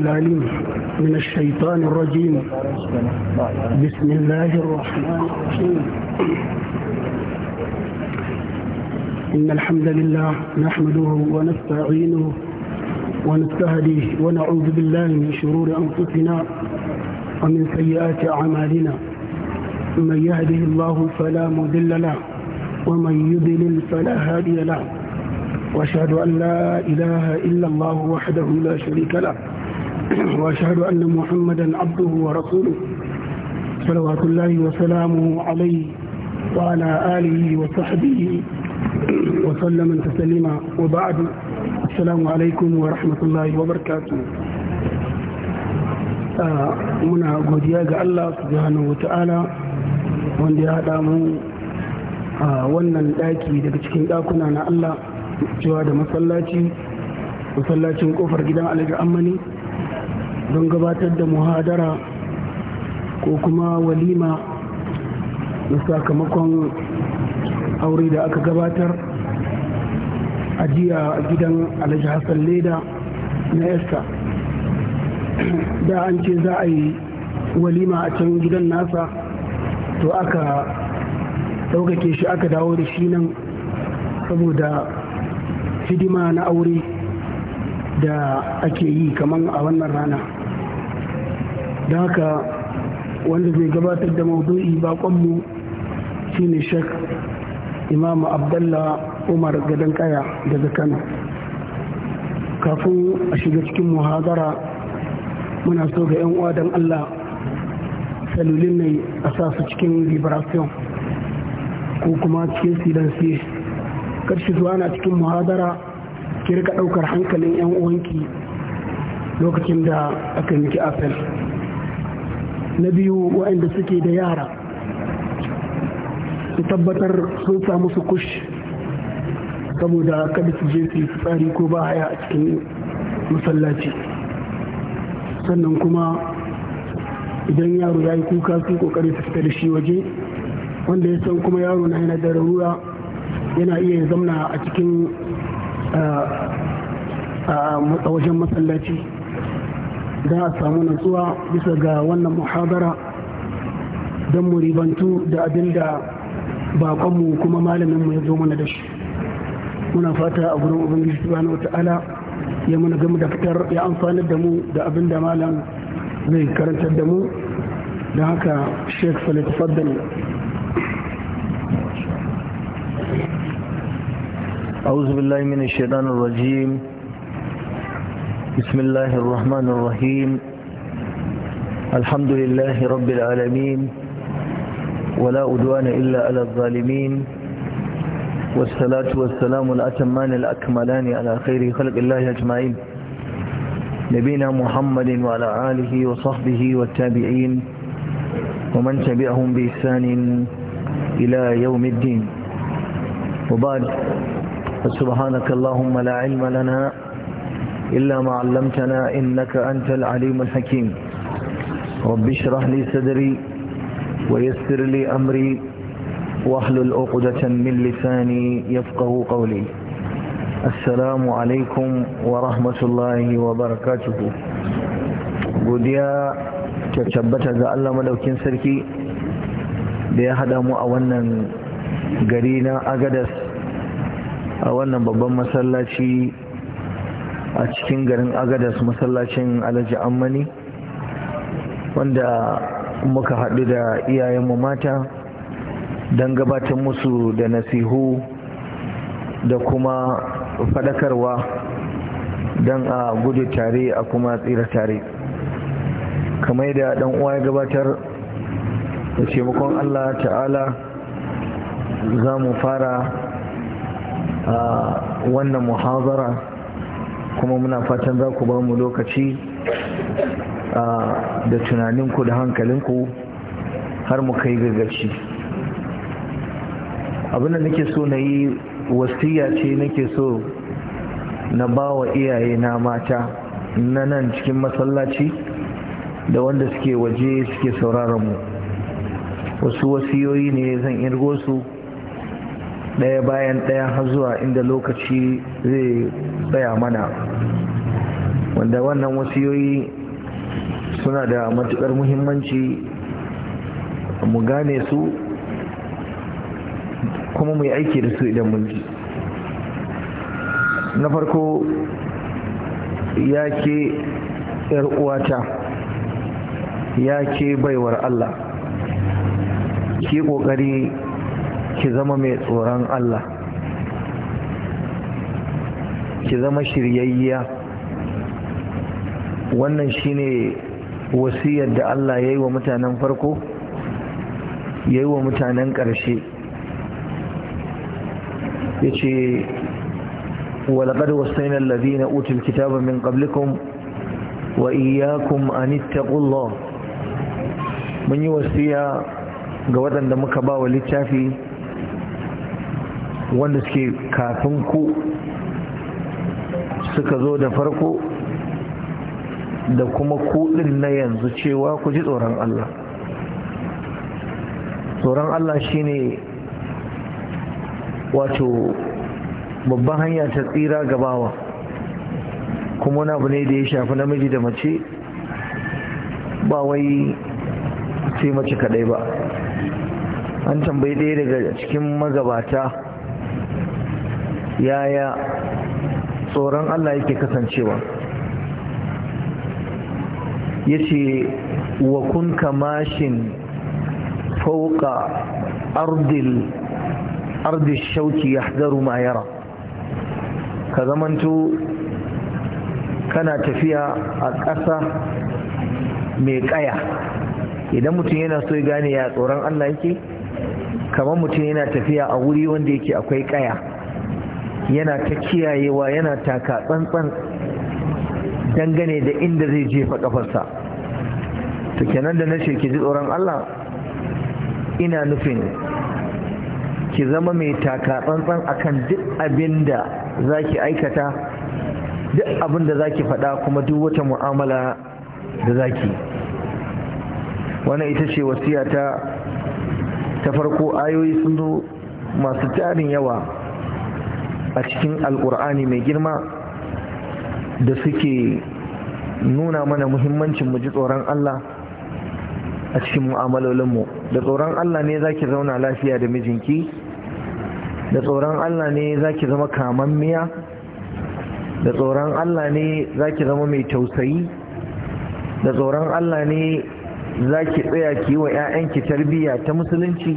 العليم من الشيطان الرجيم بسم الله الرحمن الرحيم إن الحمد لله نحمده ونستعينه ونستهديه ونعوذ بالله من شرور أنفسنا ومن سيئات أعمالنا من يهده الله فلا مذل له ومن يذلل فلا هادي له وأشهد أن لا إله إلا الله وحده لا شريك له وأشهد أن محمدا عبده ورسوله صلوات الله وسلامه عليه وعلى آله وصحبه وسلم تسليما وبعد السلام عليكم ورحمة الله وبركاته muna godiya ga Allah subhanahu ta'ala) wanda ya haɗa mu a wannan ɗaki daga cikin ɗakuna na Allah cewa da masallaci masallacin ƙofar gidan alhaji ammani don gabatar da muhadara ko kuma walima na sakamakon aure da aka gabatar a jiya a gidan alhaji hassan leda na esta da an ce za a yi walima a can gidan nasa to aka ɗaukake shi aka dawo da shi nan saboda hidima na aure da ake yi kaman a wannan rana da haka wanda zai gabatar da maudu'i bakonmu shi ne shek imamu abdalla umar gadon kaya daga kano kafin a shiga cikin muhazara muna so ga 'yan uwa don allah salulin mai a sa su cikin liberation ko kuma cikin silansi karshe zuwa na cikin muhazara kirka ɗaukar daukar hankalin 'yan uwanki lokacin da aka miki afel na biyu waɗanda suke da yara su tabbatar sun samu su kush saboda kada su je su yi tsari ko ba haya a cikin masallaci sannan kuma idan yaro ya yi kuka sun kokari su fita da shi waje wanda ya san kuma yaro na yana da rarura yana iya zamna a cikin ah, ah, a wajen masallaci don a samu natsuwa bisa ga wannan muhabara don mu ribantu da abin da bakonmu kuma malaminmu ya zo mana da shi muna fata a gurin ubangiji subhanahu wata'ala ya muna gami da fitar ya amfanar da mu da abin da malam zai karantar da mu don haka sheikh salih tafaddal أعوذ بالله من الشيطان الرجيم بسم الله الرحمن الرحيم الحمد لله رب العالمين ولا أدوان إلا على الظالمين والصلاة والسلام الأتمان الأكملان على خير خلق الله أجمعين نبينا محمد وعلى آله وصحبه والتابعين ومن تبعهم بإحسان إلى يوم الدين وبعد سبحانك اللهم لا علم لنا إلا ما علمتنا إنك أنت العليم الحكيم رب اشرح لي صدري ويسر لي أمري واحلل عقدة من لساني يفقه قولي السلام alaikum wa rahmatullahi wa barakatuhu godiya ta tabbata ga Allah madaukin sarki da ya hada mu a wannan gari na agadas a wannan babban masallaci a cikin garin agadas masallacin alhaji ammani wanda muka haɗu da iyayenmu mata don gabatar musu da nasihu da kuma faɗakarwa don a gudu tare a kuma tsira tare kamar da ɗan uwa ya gabatar da taimakon allah ta'ala za mu fara a wannan muhazara kuma muna fatan za ku ba mu lokaci da tunaninku da hankalinku har mu kai gargaci abinda nake so na yi wasiya ce nake so na ba wa iyaye na mata na nan cikin masallaci da wanda suke waje suke sauraron mu wasu wasiyoyi ne zan irgo su ɗaya bayan ɗaya har zuwa inda lokaci zai tsaya mana wanda wannan wasiyoyi suna da matukar muhimmanci mu gane su kuma mu aiki da su idan mun ji na farko ya ke uwata ya ke baiwar Allah ki ƙoƙari ki zama mai tsoron Allah ki zama shiryayya wannan shine wasiyar da Allah ya yi wa mutanen farko ya yi wa mutanen ƙarshe ya ce walaƙar wasainar na utul kitabar min ƙablikun wa iyakun anittakullah mun yi wasiya ga waɗanda muka ba wa littafi wanda suke kafin ku suka zo da farko da kuma kudin na yanzu cewa ku ji tsoron Allah tsoron Allah shine wato babban hanya ta tsira gabawa kuma wani abu ne da ya shafi namiji da mace ba wai sai mace kadai ba an tambayi ɗaya daga cikin magabata yaya tsoron Allah yake kasancewa ya ce wa kun kamashin fauka ardil shauki ya hadaru ma yara ka zamanto kana tafiya a ƙasa mai ƙaya idan mutum yana so ya gane ya tsoron allah yake kamar mutum yana tafiya a wuri wanda yake akwai ƙaya yana ta kiyayewa yana taka tsantsan dangane da inda zai jefa ƙafarsa to kenan da nace ki ji tsoron Allah ina nufin ki zama mai taka tsantsan akan duk abin da zaki aikata duk abin da zaki faɗa kuma duk wata mu'amala da za ki wannan ita ce wasiya ta ta farko ayoyi sun zo masu tarin yawa a cikin alkur'ani mai girma da suke nuna mana muhimmancin mu ji tsoron Allah a cikin mu'amalolinmu da tsoron Allah ne zaki zauna lafiya da mijinki da tsoron Allah ne zaki zama kamammiya da tsoron Allah ne zaki zama mai tausayi da tsoron Allah ne zaki tsaya ki wa 'ya'yanki tarbiyya ta musulunci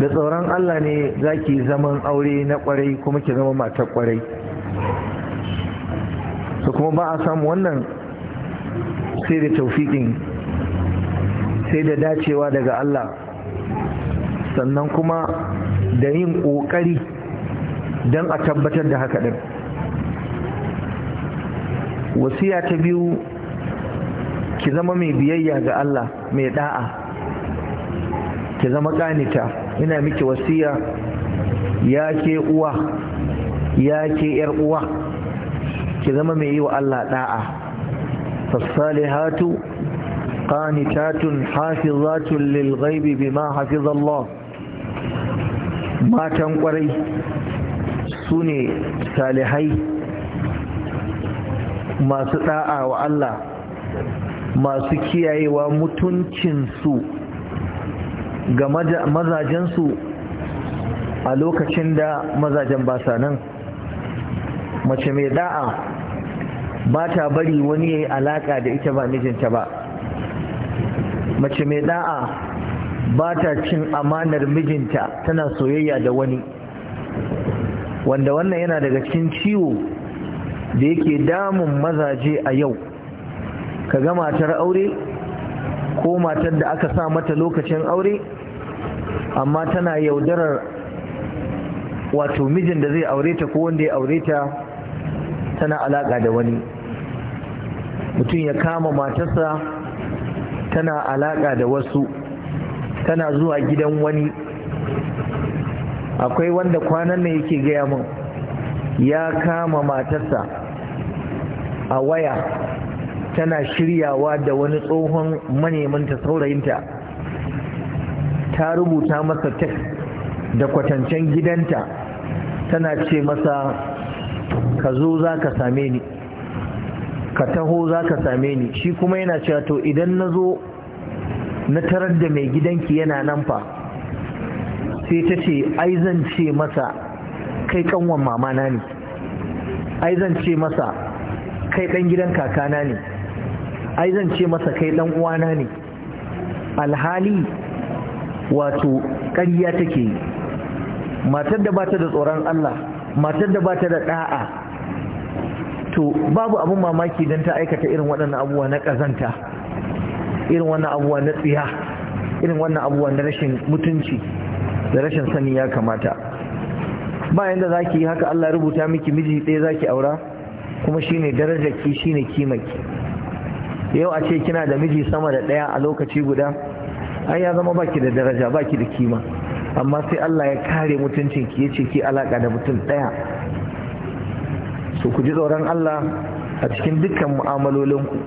da tsoron Allah ne zaki zaman aure na kwarai kuma ki zama matar kwarai su kuma ba a samu wannan sai da taufiƙin sai da dacewa daga Allah sannan kuma da yin ƙoƙari don a tabbatar da haka ɗin wasiya ta biyu ki zama mai biyayya ga Allah mai da'a ki zama ƙanita ina miki wasiya ya ke uwa ya ke ‘yar uwa ki zama mai yi wa Allah da'a hatu قانتات حافظات للغيب بما حفظ الله matan kwarai su ne salihai masu da'a wa Allah masu kiyayewa mutuncinsu ga mazajensu a lokacin da mazajen ba nan mace mai da'a ba ta bari wani ya yi alaka da ita ba mijinta ba mace mai da'a ba ta cin amanar mijinta tana soyayya da wani wanda wannan yana daga cikin ciwo da yake damun mazaje a yau ka ga matar aure ko matar da aka sa mata lokacin aure amma tana yaudarar wato mijin da zai aure ta ko wanda ya aure ta tana alaƙa da wani mutum ya kama matarsa tana alaƙa da wasu tana zuwa gidan wani akwai wanda kwanan ne yake gaya min ya kama matarsa a waya tana shiryawa da wani tsohon manemanta saurayinta ta rubuta masa tek da kwatancen gidanta tana ce masa ka zo za ka same ni ka taho za ka same ni shi kuma yana cewa to idan na zo na tarar da mai gidanki yana nan fa sai ta ce ai zan ce masa kai kanwan mamana ne ai zan ce masa kai dan gidan kakana ne ai zan ce masa kai dan uwana ne alhali wato ƙarya take matar da bata da tsoron Allah matar da bata da ɗa'a. to babu abin mamaki don ta aikata irin waɗannan abubuwa na ƙazanta irin wannan abubuwa na tsiya irin wannan abubuwa na rashin mutunci da rashin sani ya kamata bayan da zaki haka Allah rubuta miki miji ɗaya zaki aura kuma shi ne darajarki ne kimaki yau a ce kina da miji sama da ɗaya a lokaci guda ai ya zama baki da daraja baki da kima amma sai Allah ya kare mutuncinki ya ce ki alaka da mutum ɗaya to ku ji tsoron Allah a cikin dukkan mu'amalolinku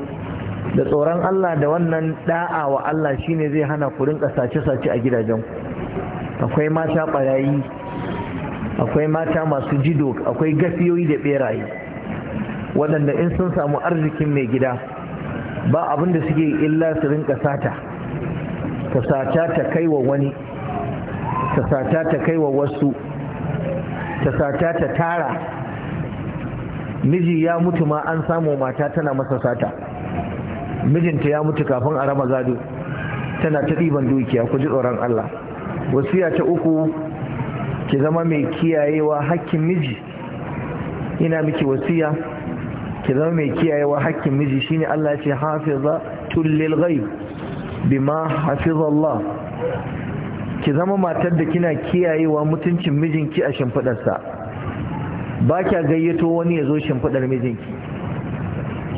da tsoron Allah da wannan da'a wa Allah shine zai hana ku rinka sace-sace a gidajenku akwai mata barayi akwai mata masu jido akwai gafiyoyi da beraye waɗanda in sun samu arzikin mai gida ba abin da suke illa su rinka sata ta sata ta kai wa wani ta sata ta kai wa wasu ta sata ta tara miji ya mutu ma an samu mata tana masa sata mijinta ya mutu kafin a raba gado tana ta ɗiban dukiya ku ji tsoron Allah wasiya ta uku ki zama mai kiyayewa hakkin miji ina miki wasiya ki zama mai kiyayewa hakkin miji shine Allah ce hafiza tullil ghaib bima hafiza Allah ki zama matar da kina kiyayewa mutuncin mijinki a shimfiɗarsa. ba kya gayyato wani ya zo shimfiɗar mijinki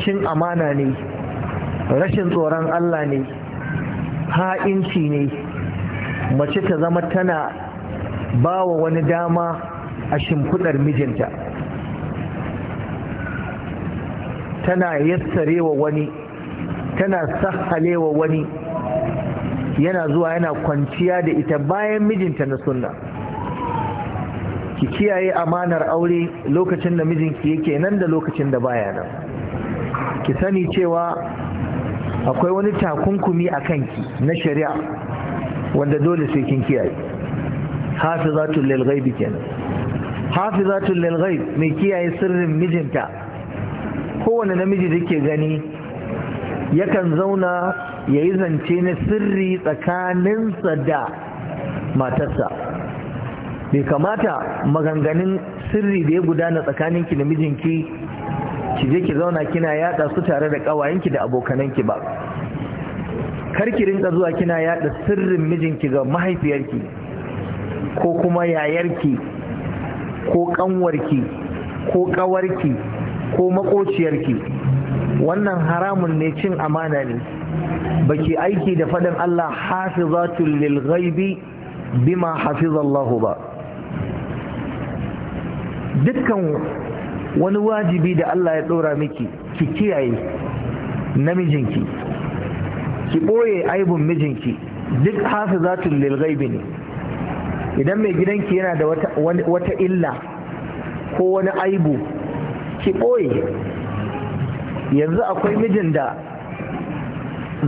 cin amana ne rashin tsoron Allah ne ha'inci ne mace ta zama tana ba wa wani dama a shimfiɗar mijinta tana yassarewa wani tana sahalewa wani yana zuwa yana kwanciya da ita bayan mijinta na sunna ki kiyaye amanar aure lokacin da mijinki yake nan da lokacin da baya nan ki sani cewa akwai wani takunkumi a kanki na shari'a wanda dole sai kin kiyaye hafizatul lil ghaib kenan hafizatul lil ghaib mai kiyaye sirrin mijinta kowane namiji da ke gani yakan zauna yayi zance na sirri tsakaninsa da matarsa bai kamata maganganun sirri da ya gudana tsakaninki da mijinki ki je ki zauna kina yada su tare da kawayenki da abokananki ba kar ki rinka zuwa kina yada sirrin mijinki ga mahaifiyarki ko kuma yayarki ko kanwarki ko kawarki ko makociyarki wannan haramun ne cin amana ne baki aiki da faɗin Allah hafizatul lil ghaibi bima hafizallahu ba dukkan wani wajibi da Allah ya ɗora miki ki kiyaye namijinki ki ɓoye aibun mijinki duk hafi zatun lilgaibi ne idan mai gidanki yana da wata illa ko wani aibu ki ɓoye yanzu akwai mijin da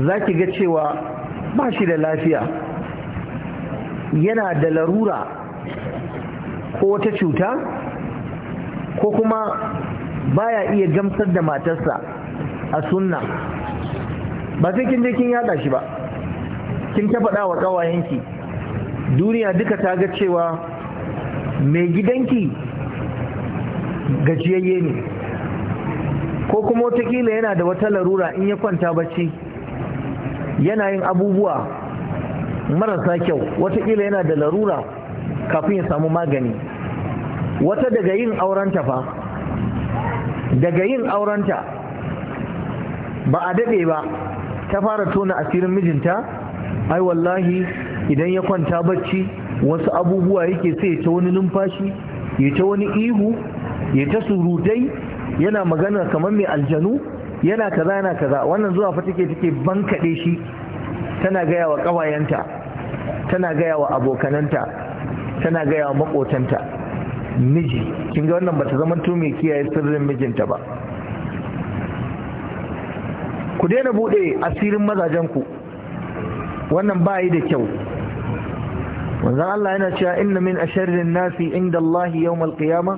za ki ga cewa ba shi da lafiya yana da larura ko wata cuta ko kuma baya iya gamsar da matarsa a sunna ba sai kin je kin yada shi ba kin ta faɗa wa ƙawayenki duniya duka ta ga cewa mai gidanki gajiyayye ne ko kuma watakila yana da wata larura in ya kwanta bacci yana yin abubuwa marasa kyau watakila yana da larura kafin ya samu magani wata daga yin aurenta fa daga yin aurenta ba a daɗe ba ta fara tona asirin mijinta ai wallahi idan ya kwanta bacci wasu abubuwa yake sai ya ta wani numfashi ya ta wani ihu ya ta surutai yana magana kamar mai aljanu yana kaza yana kaza wannan zuwa fa take take bankaɗe shi tana gaya wa ƙawayenta tana gaya wa abokananta tana gaya wa maƙotanta miji kin ga wannan bata zama mai kiyaye sirrin mijinta ba ku daina bude asirin mazajen ku wannan bayi da kyau wanzan Allah yana cewa inna min asharrin nasi inda Allah yawmal qiyama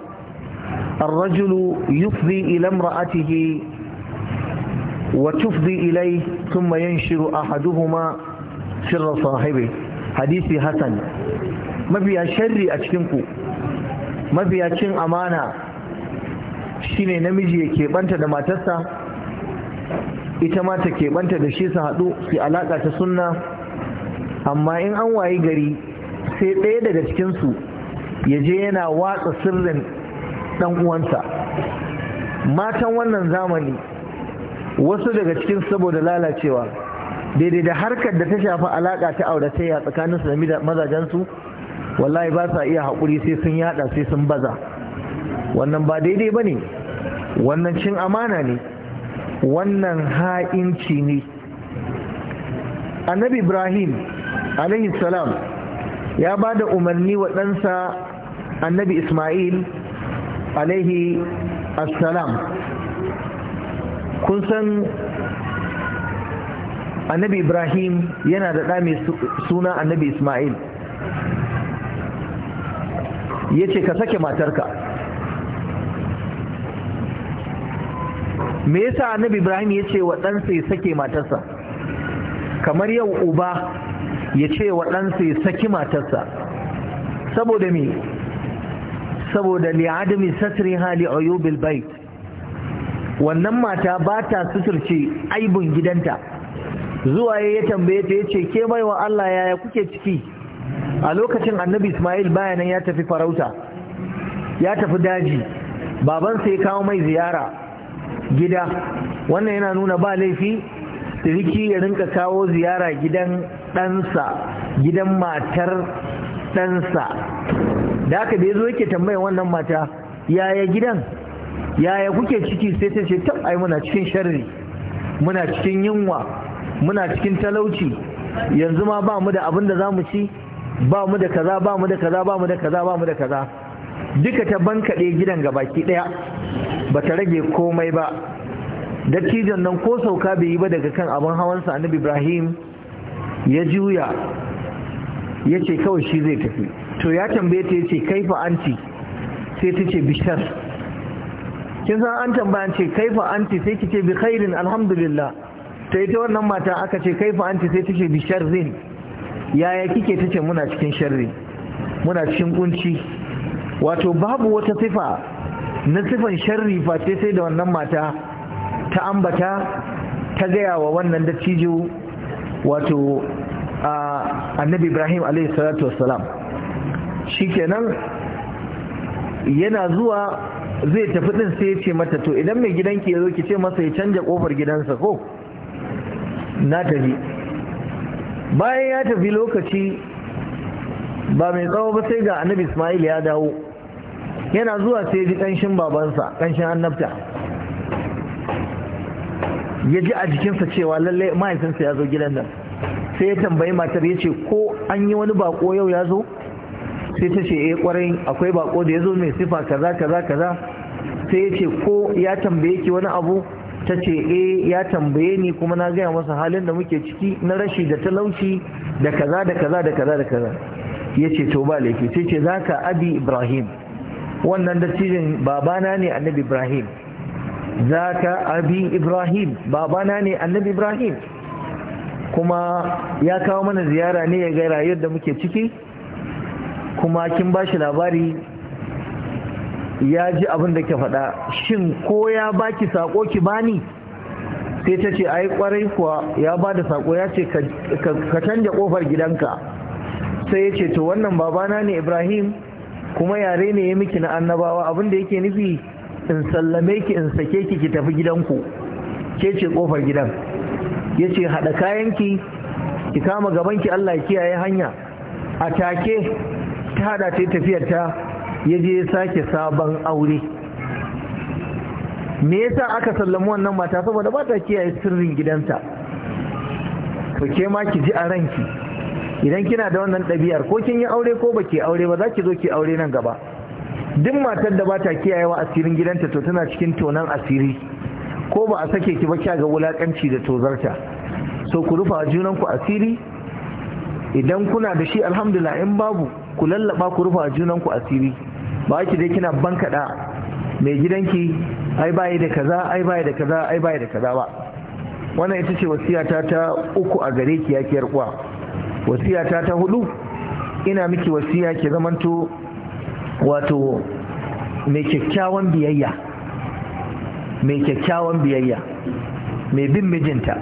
ar-rajulu yufdi ila imra'atihi wa tufdi ilayhi thumma yanshiru ahaduhuma sirra sahibi hadisi hasan mafiya sharri a cikin ku mafiya cin amana ne namiji ya keɓanta da matarsa ita ma ta keɓanta da shi su haɗu su alaƙa ta sunna amma in an wayi gari sai ɗaya daga cikinsu ya je yana watsa sirrin ɗan uwansa matan wannan zamani wasu daga cikin saboda lalacewa daidai da harkar da ta shafi alaƙa ta auratayya tsakaninsu da mazajensu wallahi ba sa iya haƙuri sai sun yada sai sun baza wannan ba daidai ba ne wannan cin amana ne wannan ha'inci ne annabi ibrahim salam ya ba da umarni wa ɗansa annabi ismail salam kun san annabi ibrahim yana da ɗa mai suna annabi ismail ya ce ka sake matarka me yasa annabi ibrahim ya ce wa ɗansa ya sake matarsa kamar yau uba ya ce wa ɗansa ya saki matarsa saboda me saboda li'adami satri hali ayubil bait wannan mata ba ta suturce aibun gidanta zuwa ya tambaye ta ya ce ke baiwa Allah yaya kuke ciki a lokacin annabi ismail bayanan ya tafi farauta ya tafi daji babansa ya kawo mai ziyara gida wannan yana nuna ba laifi siriki ya rinka kawo ziyara gidan ɗansa gidan matar ɗansa da aka da ya zo yake tambaya wannan mata yaya gidan yaya kuke ciki sai ta ce tab ai muna cikin sharri muna cikin yunwa muna cikin talauci yanzu ma ba mu da abin da za mu ci ba mu da kaza ba mu da kaza ba mu da kaza ba mu da kaza duka ta bankaɗe gidan ga baki ɗaya ba ta rage komai ba dattijon nan ko sauka bai yi ba daga kan abin hawansa annabi ibrahim ya juya ya ce kawai shi zai tafi to ya tambaye ta ya ce fa anti sai ta ce bishar kin san an tambaya ce fa anti sai ki ce bi khairin alhamdulillah ta ita wannan mata aka ce fa anti sai ta ce bishar zin yaya kike tace muna cikin sharri muna cikin kunci wato babu wata sifa na sifan sharri face sai da wannan mata ta ambata ta gaya wa wannan dattijo wato annabi ibrahim alaihi salatu wassalam shikenan yana zuwa zai tafi din sai ya ce mata to idan mai gidanki ya zo ki ce masa ya canja kofar gidansa ko na tafi bayan ya tafi lokaci ba mai tsawo ba sai ga annabi ismail ya dawo yana zuwa sai ji kanshin babansa kanshin annabta ya ji a jikinsa cewa lallai mahaifinsa ya zo gidan nan sai ya tambayi matar ya ce ko an yi wani bako yau ya zo sai ta ce ya eh, kwarai akwai bako da ya zo mai sifa kaza kaza kaza sai ya ce ko ya tambaye ki wani abu ta ce e ya tambaye ni kuma na gaya masa halin da muke ciki na rashi da talauci da kaza da kaza da kaza da kaza ya ce to ba laifi sai ce zaka abi ibrahim wannan dattijin babana ne annabi ibrahim zaka abi ibrahim babana ne annabi ibrahim kuma ya kawo mana ziyara ne ya ga rayuwar da muke ciki kuma kin ba shi labari ya ji abin da ke faɗa shin ko ya baki sako ki bani sai ta ce ai kwarai kuwa ya ba da sako ya ce ka canja kofar gidanka sai ya ce to wannan babana ne ibrahim kuma yare ne ya miki na annabawa abin da yake nufi in sallame ki in sake ki ki tafi gidanku ke ce kofar gidan ya ce haɗa kayanki ki kama gabanki allah kiyaye hanya a take ta haɗa ta yi tafiyarta ya je ya sake sabon aure me yasa aka sallami wannan mata saboda ba ta kiyaye sirrin gidanta to ke ma ki ji a ranki idan kina da wannan ɗabi'ar ko kin yi aure ko baki aure ba za ki zo ki aure nan gaba duk matar da ba ta kiyayewa asirin gidanta to tana cikin tonan asiri ko ba a sake ki ba kya ga wulakanci da tozarta so ku rufa junan ku asiri idan kuna da shi alhamdulillah in babu ku lallaba ku rufa junan ku asiri ba ki dai kina bankaɗa mai gidanki ai bayi da kaza ai bayi da kaza ai bayi da kaza ba wannan ita ce wasiyata ta uku a gare ki yake yarkuwa wasiyata ta hudu ina miki wasiya ki zamanto wato mai kyakkyawan biyayya mai kyakkyawan biyayya mai bin mijinta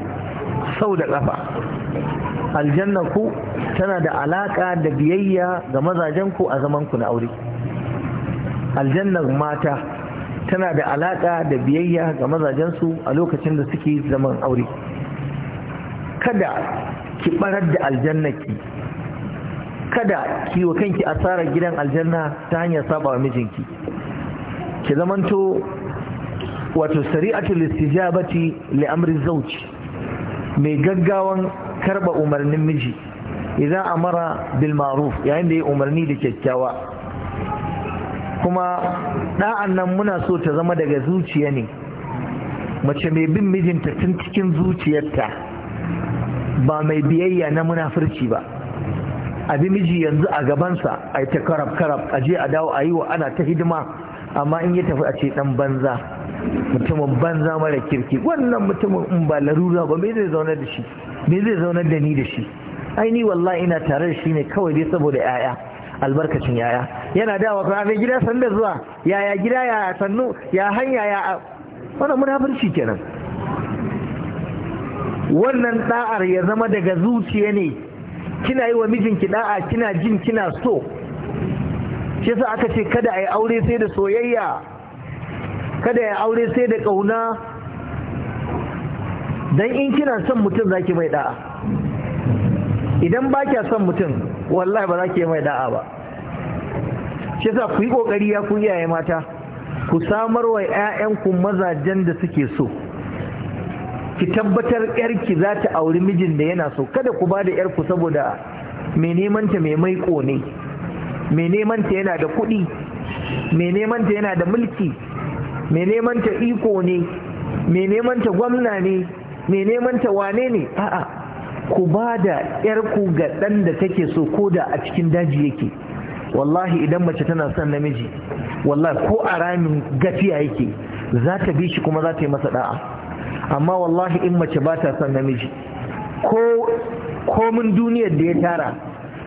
sau da ƙafa aljanna ku tana da alaƙa da biyayya ga mazajen ku a zaman ku na aure aljannar mata tana da alaƙa da biyayya ga mazajensu a lokacin da suke zaman aure kada ki barar da aljannaki kada ki wa kanki asarar gidan aljanna ta hanyar saba wa mijinki ki zamanto wato sari'atul istijabati li amri zawj mai gaggawan karba umarnin miji idan amara bil ma'ruf yayin da ya umarni da kyakkyawa kuma da'an nan muna so ta zama daga zuciya ne mace mai bin mijinta tun cikin zuciyarta ba mai biyayya na munafurci ba abi miji yanzu a gabansa a yi ta karab karab a je a dawo a yi wa ana ta hidima amma in ya tafi a ce dan banza mutumin banza mara kirki wannan mutumin in ba larura ba me zai zaunar da shi me zai zaunar da ni da shi ai ni ina tare da shi ne kawai dai saboda 'ya'ya albarkacin yaya yana da wata abin gida da zuwa yaya gida ya sannu ya hanya ya wannan munafurci kenan wannan da'ar ya zama daga zuciya ne kina yi wa mijinki da'a kina jin kina so shi aka ce kada a yi aure sai da soyayya kada ya aure sai da kauna dan in kina son mutum zaki mai da'a idan ba kya son mutum wallahi ba za ki mai da'a ba shi yasa ku yi kokari ya ku iyaye mata ku samar wa 'ya'yanku mazajen da suke so ki tabbatar yarki za ta auri mijin da yana so kada ku ba da yarku saboda mai nemanta mai mai ne mai nemanta yana da kuɗi mai nemanta yana da mulki mai nemanta iko ne mai nemanta gwamna ne mai nemanta wane ne a'a ku ba da ku ga ɗan da take so ko da a cikin daji yake wallahi idan mace tana son namiji wallahi ko a ramin gafiya yake za ta bi shi kuma za ta yi masa da'a amma wallahi in mace ba ta son namiji ko komin duniyar da ya tara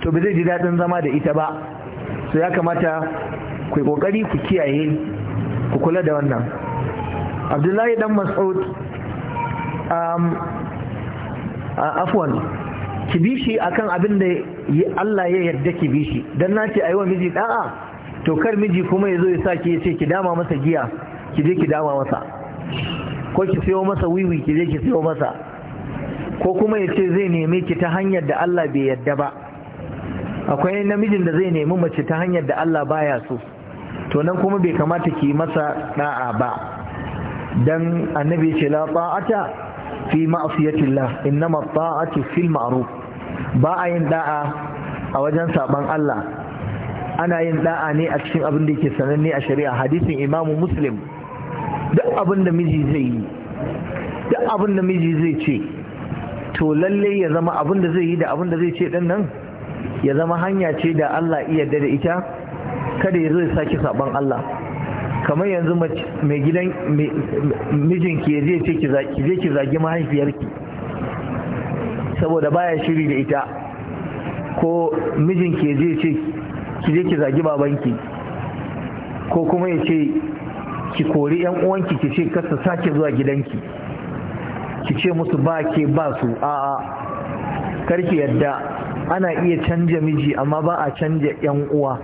to ba zai ji daɗin zama da ita ba so ya kamata ku yi ƙoƙari ku kiyaye ku kula da wannan abdullahi dan mas'ud um, afwan ki bi shi akan abin da Allah ya yarda ki bi shi dan nace ayi wa miji da'a to kar miji kuma yazo ya saki ya ce ki dama masa giya ki je ki dama masa ko ki siyo masa wiwi ki je ki siyo masa ko kuma ya ce zai neme ki ta hanyar da Allah bai yarda ba akwai namijin da zai nemi mace ta hanyar da Allah baya so to nan kuma bai kamata ki masa da'a ba dan annabi ce la ta'ata fi ma'asiyatillah innama ta'atu fil ma'ruf ba a yin da'a a wajen saban Allah ana yin da'a ne a cikin abin da yake sananne a shari'a hadisin imam muslim duk abin da miji zai yi duk abin da miji zai ce to lalle ya zama abin da zai yi da abin da zai ce din nan ya zama hanya ce da Allah iya da ita kada ya zo ya sake saban Allah kamar yanzu mai gidan mijinki ya je ce ki zai ki zagi mahaifiyarki saboda baya shiri da ita ko mijinki ya je ce ki zai ki zagi babanki ko kuma ya ce ki kori yan uwanki ki ce kasta sake zuwa gidanki ki ce musu ba ke ba su a'a karki yadda ana iya canja miji amma ba a canja yan uwa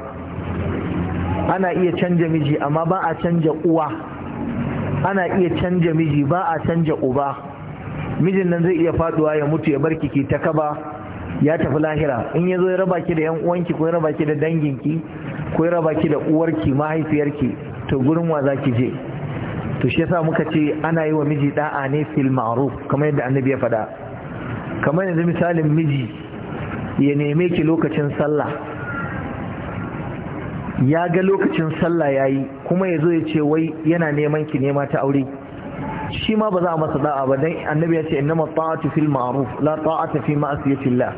ana iya canja miji amma ba a canja uwa ana iya canja miji ba a canja uba mijin nan zai iya faduwa ya mutu ya barki ki ta kaba ya tafi lahira in yazo ya raba ki da yan uwanki ko ya raba ki da danginki ko ya raba ki da uwarki mahaifiyarki to gurin wa za ki je to shi yasa muka ce ana yi wa miji da'a ne fil ma'ruf kamar yadda annabi ya faɗa kamar yanzu misalin miji ya neme ki lokacin sallah ya ga lokacin sallah ya yi kuma ya zo ya ce wai yana neman ki nema ta aure shi ma ba za a masa da'a ba dan annabi ya ce ma ta'atu fil ma'ruf la ta'ata fi ma'asiyatillah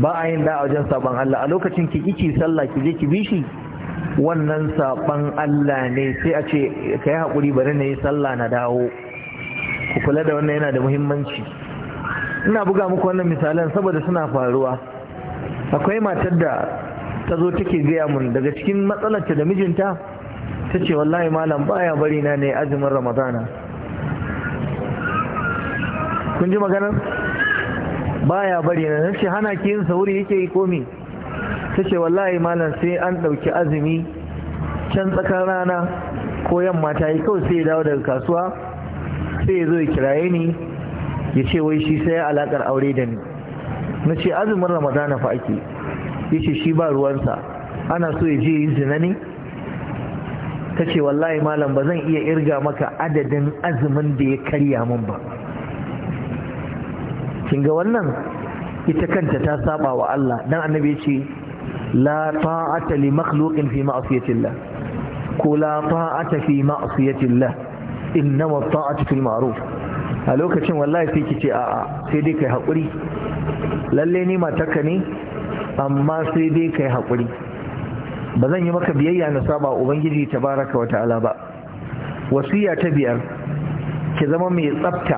ba a yin da'a wajen saban Allah a lokacin ki kiki sallah ki je ki bi shi wannan saban Allah ne sai a ce kai hakuri bari na yi sallah na dawo ku kula da wannan yana da muhimmanci ina buga muku wannan misalan saboda suna faruwa akwai matar da ta zo take gaya mun daga cikin matsalarta da mijinta ta ce wallahi malam baya bari na ne azumin ramadana kun ji maganar baya bari na ce hana ki yin sauri yake yi komi ta ce wallahi malam sai an ɗauki azumi can tsakar rana ko yamma ta yi kawai sai ya dawo daga kasuwa sai ya zo ya kiraye ni ya ce wai shi sai alakar aure da ni na ce azumin ramadana fa ake ya ce shi ba ruwansa ana so ya je yi zina ne ta ce wallahi malam ba zan iya irga maka adadin azumin da ya karya min ba kin ga wannan ita kanta ta saba wa Allah dan annabi ya ce la ta'ata li makhluqin fi ma'siyatillah ko la ta'ata fi ma'siyatillah wa ta'ata fil ma'ruf a lokacin wallahi sai ki ce a'a sai dai kai hakuri lalle ni matarka ne amma sai dai kai haƙuri ba zan yi maka biyayya na saba ubangiji ta baraka wa ta'ala ba wasiya ta biyar ki zama mai tsafta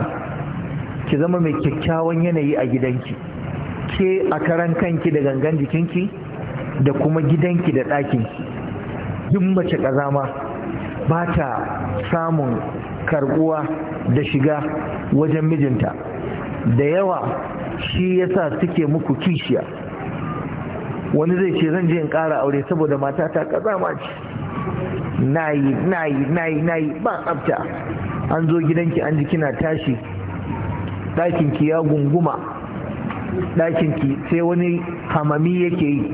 ki zama mai kyakkyawan yanayi a gidanki ke a karan kanki da gangan jikinki da kuma gidanki da ɗakinki duk mace ƙazama ba ta samun karbuwa da shiga wajen mijinta da yawa shi yasa suke muku kishiya wani zai ce zan je in ƙara aure saboda mata ta kaza ma ce nayi nayi nayi nayi ba tsafta an zo gidanki an ji kina tashi ɗakin ki ya gunguma Ɗakinki sai wani hamami yake yi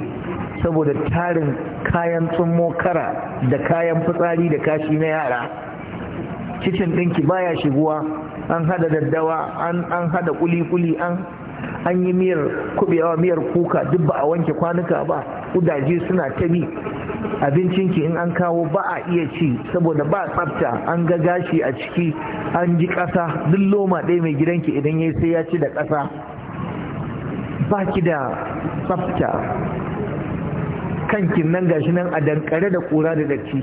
saboda tarin kayan tsummo kara da kayan fitsari da kashi na yara kicin ɗinki baya shiguwa an hada daddawa an hada kuli-kuli an an yi miyar kubewa miyar kuka duk ba a wanke kwanuka ba kudaje suna ta bi abincinki in an kawo ba a iya ci saboda ba tsafta an ga gashi a ciki an ji ƙasa duk loma ɗaya mai gidanki idan ya sai ya ci da ƙasa ba ki da tsafta kankin nan gashi nan a dankare da ƙura da datti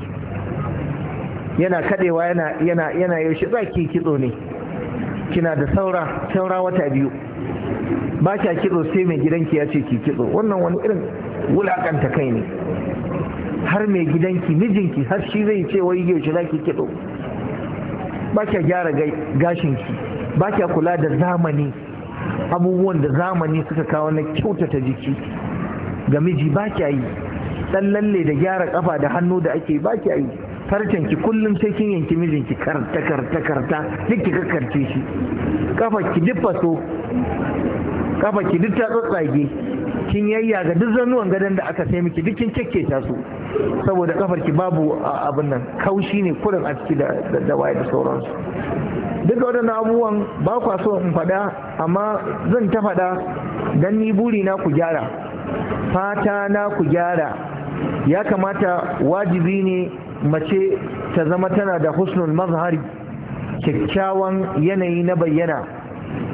yana kadewa yana yana yaushe za ki kitso ne kina da saura saura wata biyu ba kya kitso sai mai gidanki ya ce ki kitso wannan wani irin wulakanta kai ne har mai gidanki mijinki har shi zai ce wai yaushe za ki kitso ba kya gyara gashinki ba kya kula da zamani abubuwan da zamani suka kawo na kyautata jiki ga miji ba kya yi dan lalle da gyara kafa da hannu da ake ba kya yi farcen ki kullum sai kin yanki mijinki ki karta karta karta duk ki kakkarce shi kafa ki duffa so kafa ki duk ta tsatsage kin yayya ga duk zanuwan gadon da aka sai miki duk kin ta su saboda kafar ki babu abin nan kaushi ne kurin a ciki da waye da sauransu duka waɗannan abubuwan ba kwa so in faɗa amma zan ta faɗa don ni buri na ku gyara fata na ku gyara ya kamata wajibi ne mace ta zama tana da husnul mazhari kyakkyawan yanayi na bayyana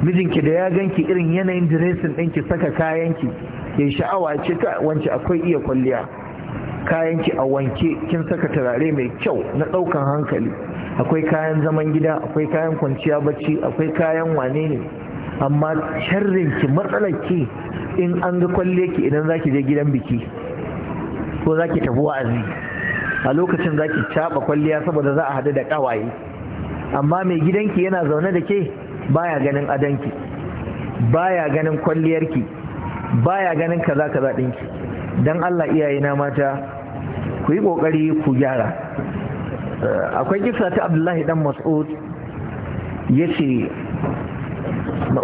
mijinki da ya ganki irin yanayin diresin ɗinki saka kayanki ya sha'awa ce ta wance akwai iya kwalliya kayanki a wanke kin saka turare mai kyau na ɗaukan hankali akwai kayan zaman gida akwai kayan kwanciya bacci akwai kayan wane ne amma sharrinki matsalarki in an ga ki idan zaki je gidan biki ko zaki tafi wa'azi a lokacin zaki caɓa kwalliya saboda za a haɗu da ƙawaye amma mai gidanki yana zaune da ke baya ganin adanki baya ganin kwalliyarki baya ganin kaza kaza ɗinki dan Allah iyaye na mata ku yi ƙoƙari ku gyara eh, akwai kisa ta abdullahi dan mas'ud ya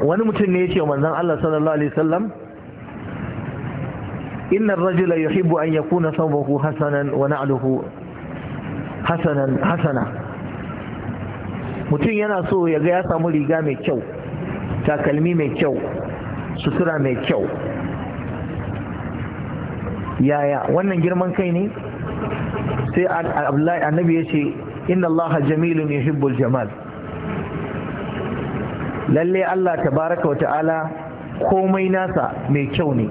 wani mutum ne ya ce manzan Allah sallallahu alaihi wasallam inna rajula yuhibbu an yakuna sawbahu hasanan wa na'luhu hasanan hasana mutum yana so ya ga ya samu riga mai kyau takalmi mai kyau sutura mai kyau yaya wannan girman kai ne sai annabi ya ce inna allaha jamilun yuhibbul jamal lalle allah tabaraka wa ta'ala komai nasa mai kyau ne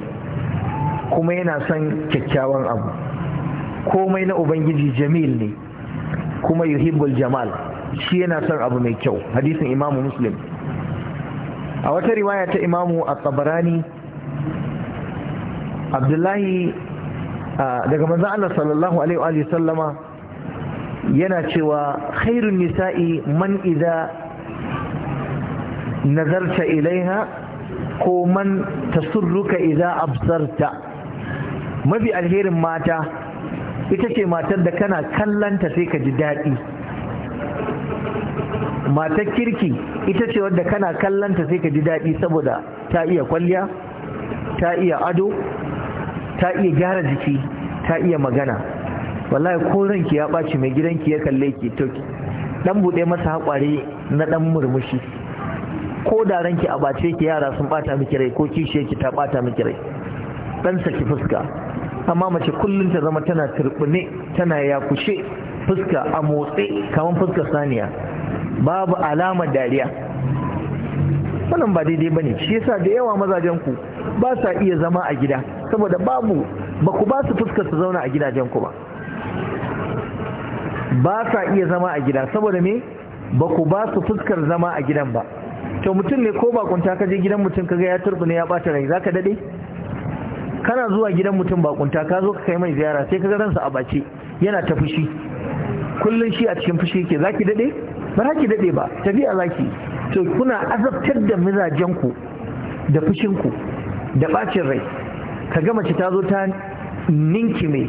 kuma yana son kyakkyawan abu komai na ubangiji jamil ne kuma yuhibbul jamal shi yana son abu mai kyau hadisin imamu muslim a wata riwaya ta imamu a tsabarani abdullahi daga maza Allah sallallahu alaihi wa sallama yana cewa khairun nisa'i man idza nazarta ilaiha ko man tasurruka idza absarta mafi alherin mata ita ce matar da kana kallanta sai ka ji daɗi matar kirki ita ce wadda kana kallanta sai ka ji daɗi saboda ta iya kwalliya ta iya ado ta iya gyara jiki ta iya magana wallahi ko ranki ya ɓaci mai gidanki ya kalle ki to dan buɗe masa haƙware na dan murmushi ko da ranki a ɓace ki yara sun ɓata miki rai ko kishiyar ki ta ɓata miki rai Dan saki fuska amma mace kullum ta zama tana turbune tana yakushe fuska a motsi kaman fuskar saniya babu alamar dariya wannan ba daidai bane shi yasa da yawa mazajen ku ba sa iya zama a gida saboda babu ba ku ba su fuskar su zauna a gidajen ku ba ba sa iya zama a gida saboda me ba ku ba su fuskar zama a gidan ba to mutum ne ko bakunta ka je gidan mutum kaga ya turbune ya bata rai zaka dade kana zuwa gidan mutum bakunta ka zo ka kai mai ziyara sai ka ga ransa a bace yana ta fushi kullun shi a cikin fushi yake zaki dade ba za ki daɗe ba tafiya za ki to kuna azabtar da mazajenku da fushinku da ɓacin rai ka ga mace ta zo ta ninki mai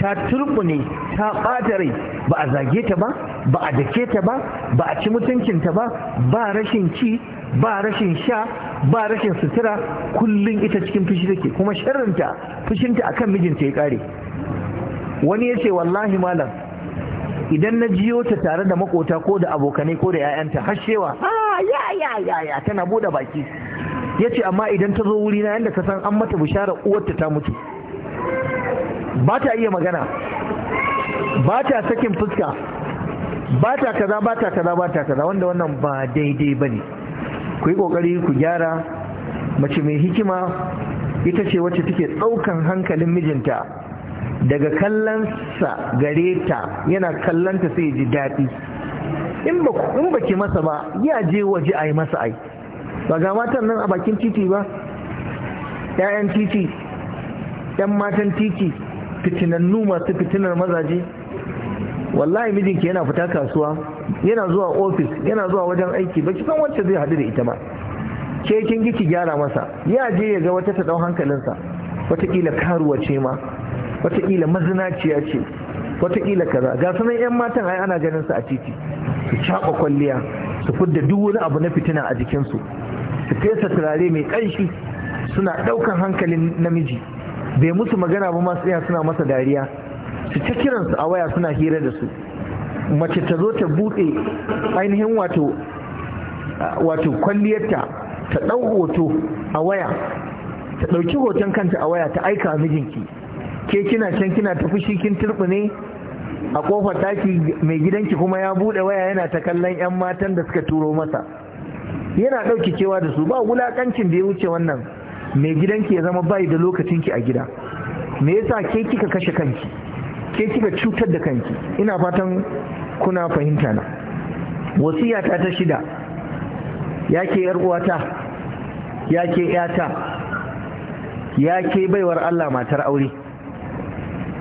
ta turbune ta ɓata rai ba a zage ta ba ba a dake ta ba ba a ci mutuncinta ba ba rashin ci ba rashin sha ba rashin sutura kullum ita cikin fushi take kuma sharrinta fushinta akan mijinta ya kare wani ya ce wallahi malam idan na jiyo ta tare da makota ko da abokanai ko da 'ya'yanta hashewa ya ya ya ya tana bude baki yace amma idan ta zo wuri na yadda ka san an mata bishara uwarta ta mutu ba ta iya magana ba ta sakin fuska ba ta kaza ba ta kaza ba ta kaza wanda wannan ba daidai bane ne ku yi ƙoƙari ku gyara mace mai hikima ita ce wacce take ɗaukan hankalin mijinta daga kallonsa gare ta yana kallonta sai ji daɗi in ba ki masa ba ya je waje a masa ai ba ga matan nan a bakin titi ba 'ya'yan titi 'yan matan titi fitinannu masu fitinar mazaje wallahi mijinki yana fita kasuwa yana zuwa ofis yana zuwa wajen aiki ba ki san wacce zai hadu da ita ba ke kin ki gyara masa ya je ya ga wata ta dau hankalinsa wataƙila karuwa ce ma wataƙila mazinaciya ce wataƙila kaza ga sanan 'yan matan ai ana ganin su a titi su caɓa kwalliya su fudda duk wani abu na fitina a jikinsu su fesa turare mai ƙanshi suna ɗaukan hankalin namiji bai musu magana ba masu tsaya suna masa dariya su ta kiransu a waya suna hira da su mace ta zo ta buɗe ainihin wato kwalliyarta ta ɗau hoto a waya ta ɗauki hoton kanta a waya ta aika mijinki ke kina can kina ta fushi kin ne a kofar ɗaki mai gidanki kuma ya buɗe waya yana ta kallon 'yan matan da suka turo masa yana ɗauki kewa da su ba wulaƙancin da ya wuce wannan mai gidanki ya zama bai da lokacinki a gida me yasa ke kika kashe kanki ke kika cutar da kanki ina fatan kuna fahimta na wasiyata ta shida ya ke yar uwata ya ke yata ya ke baiwar Allah matar aure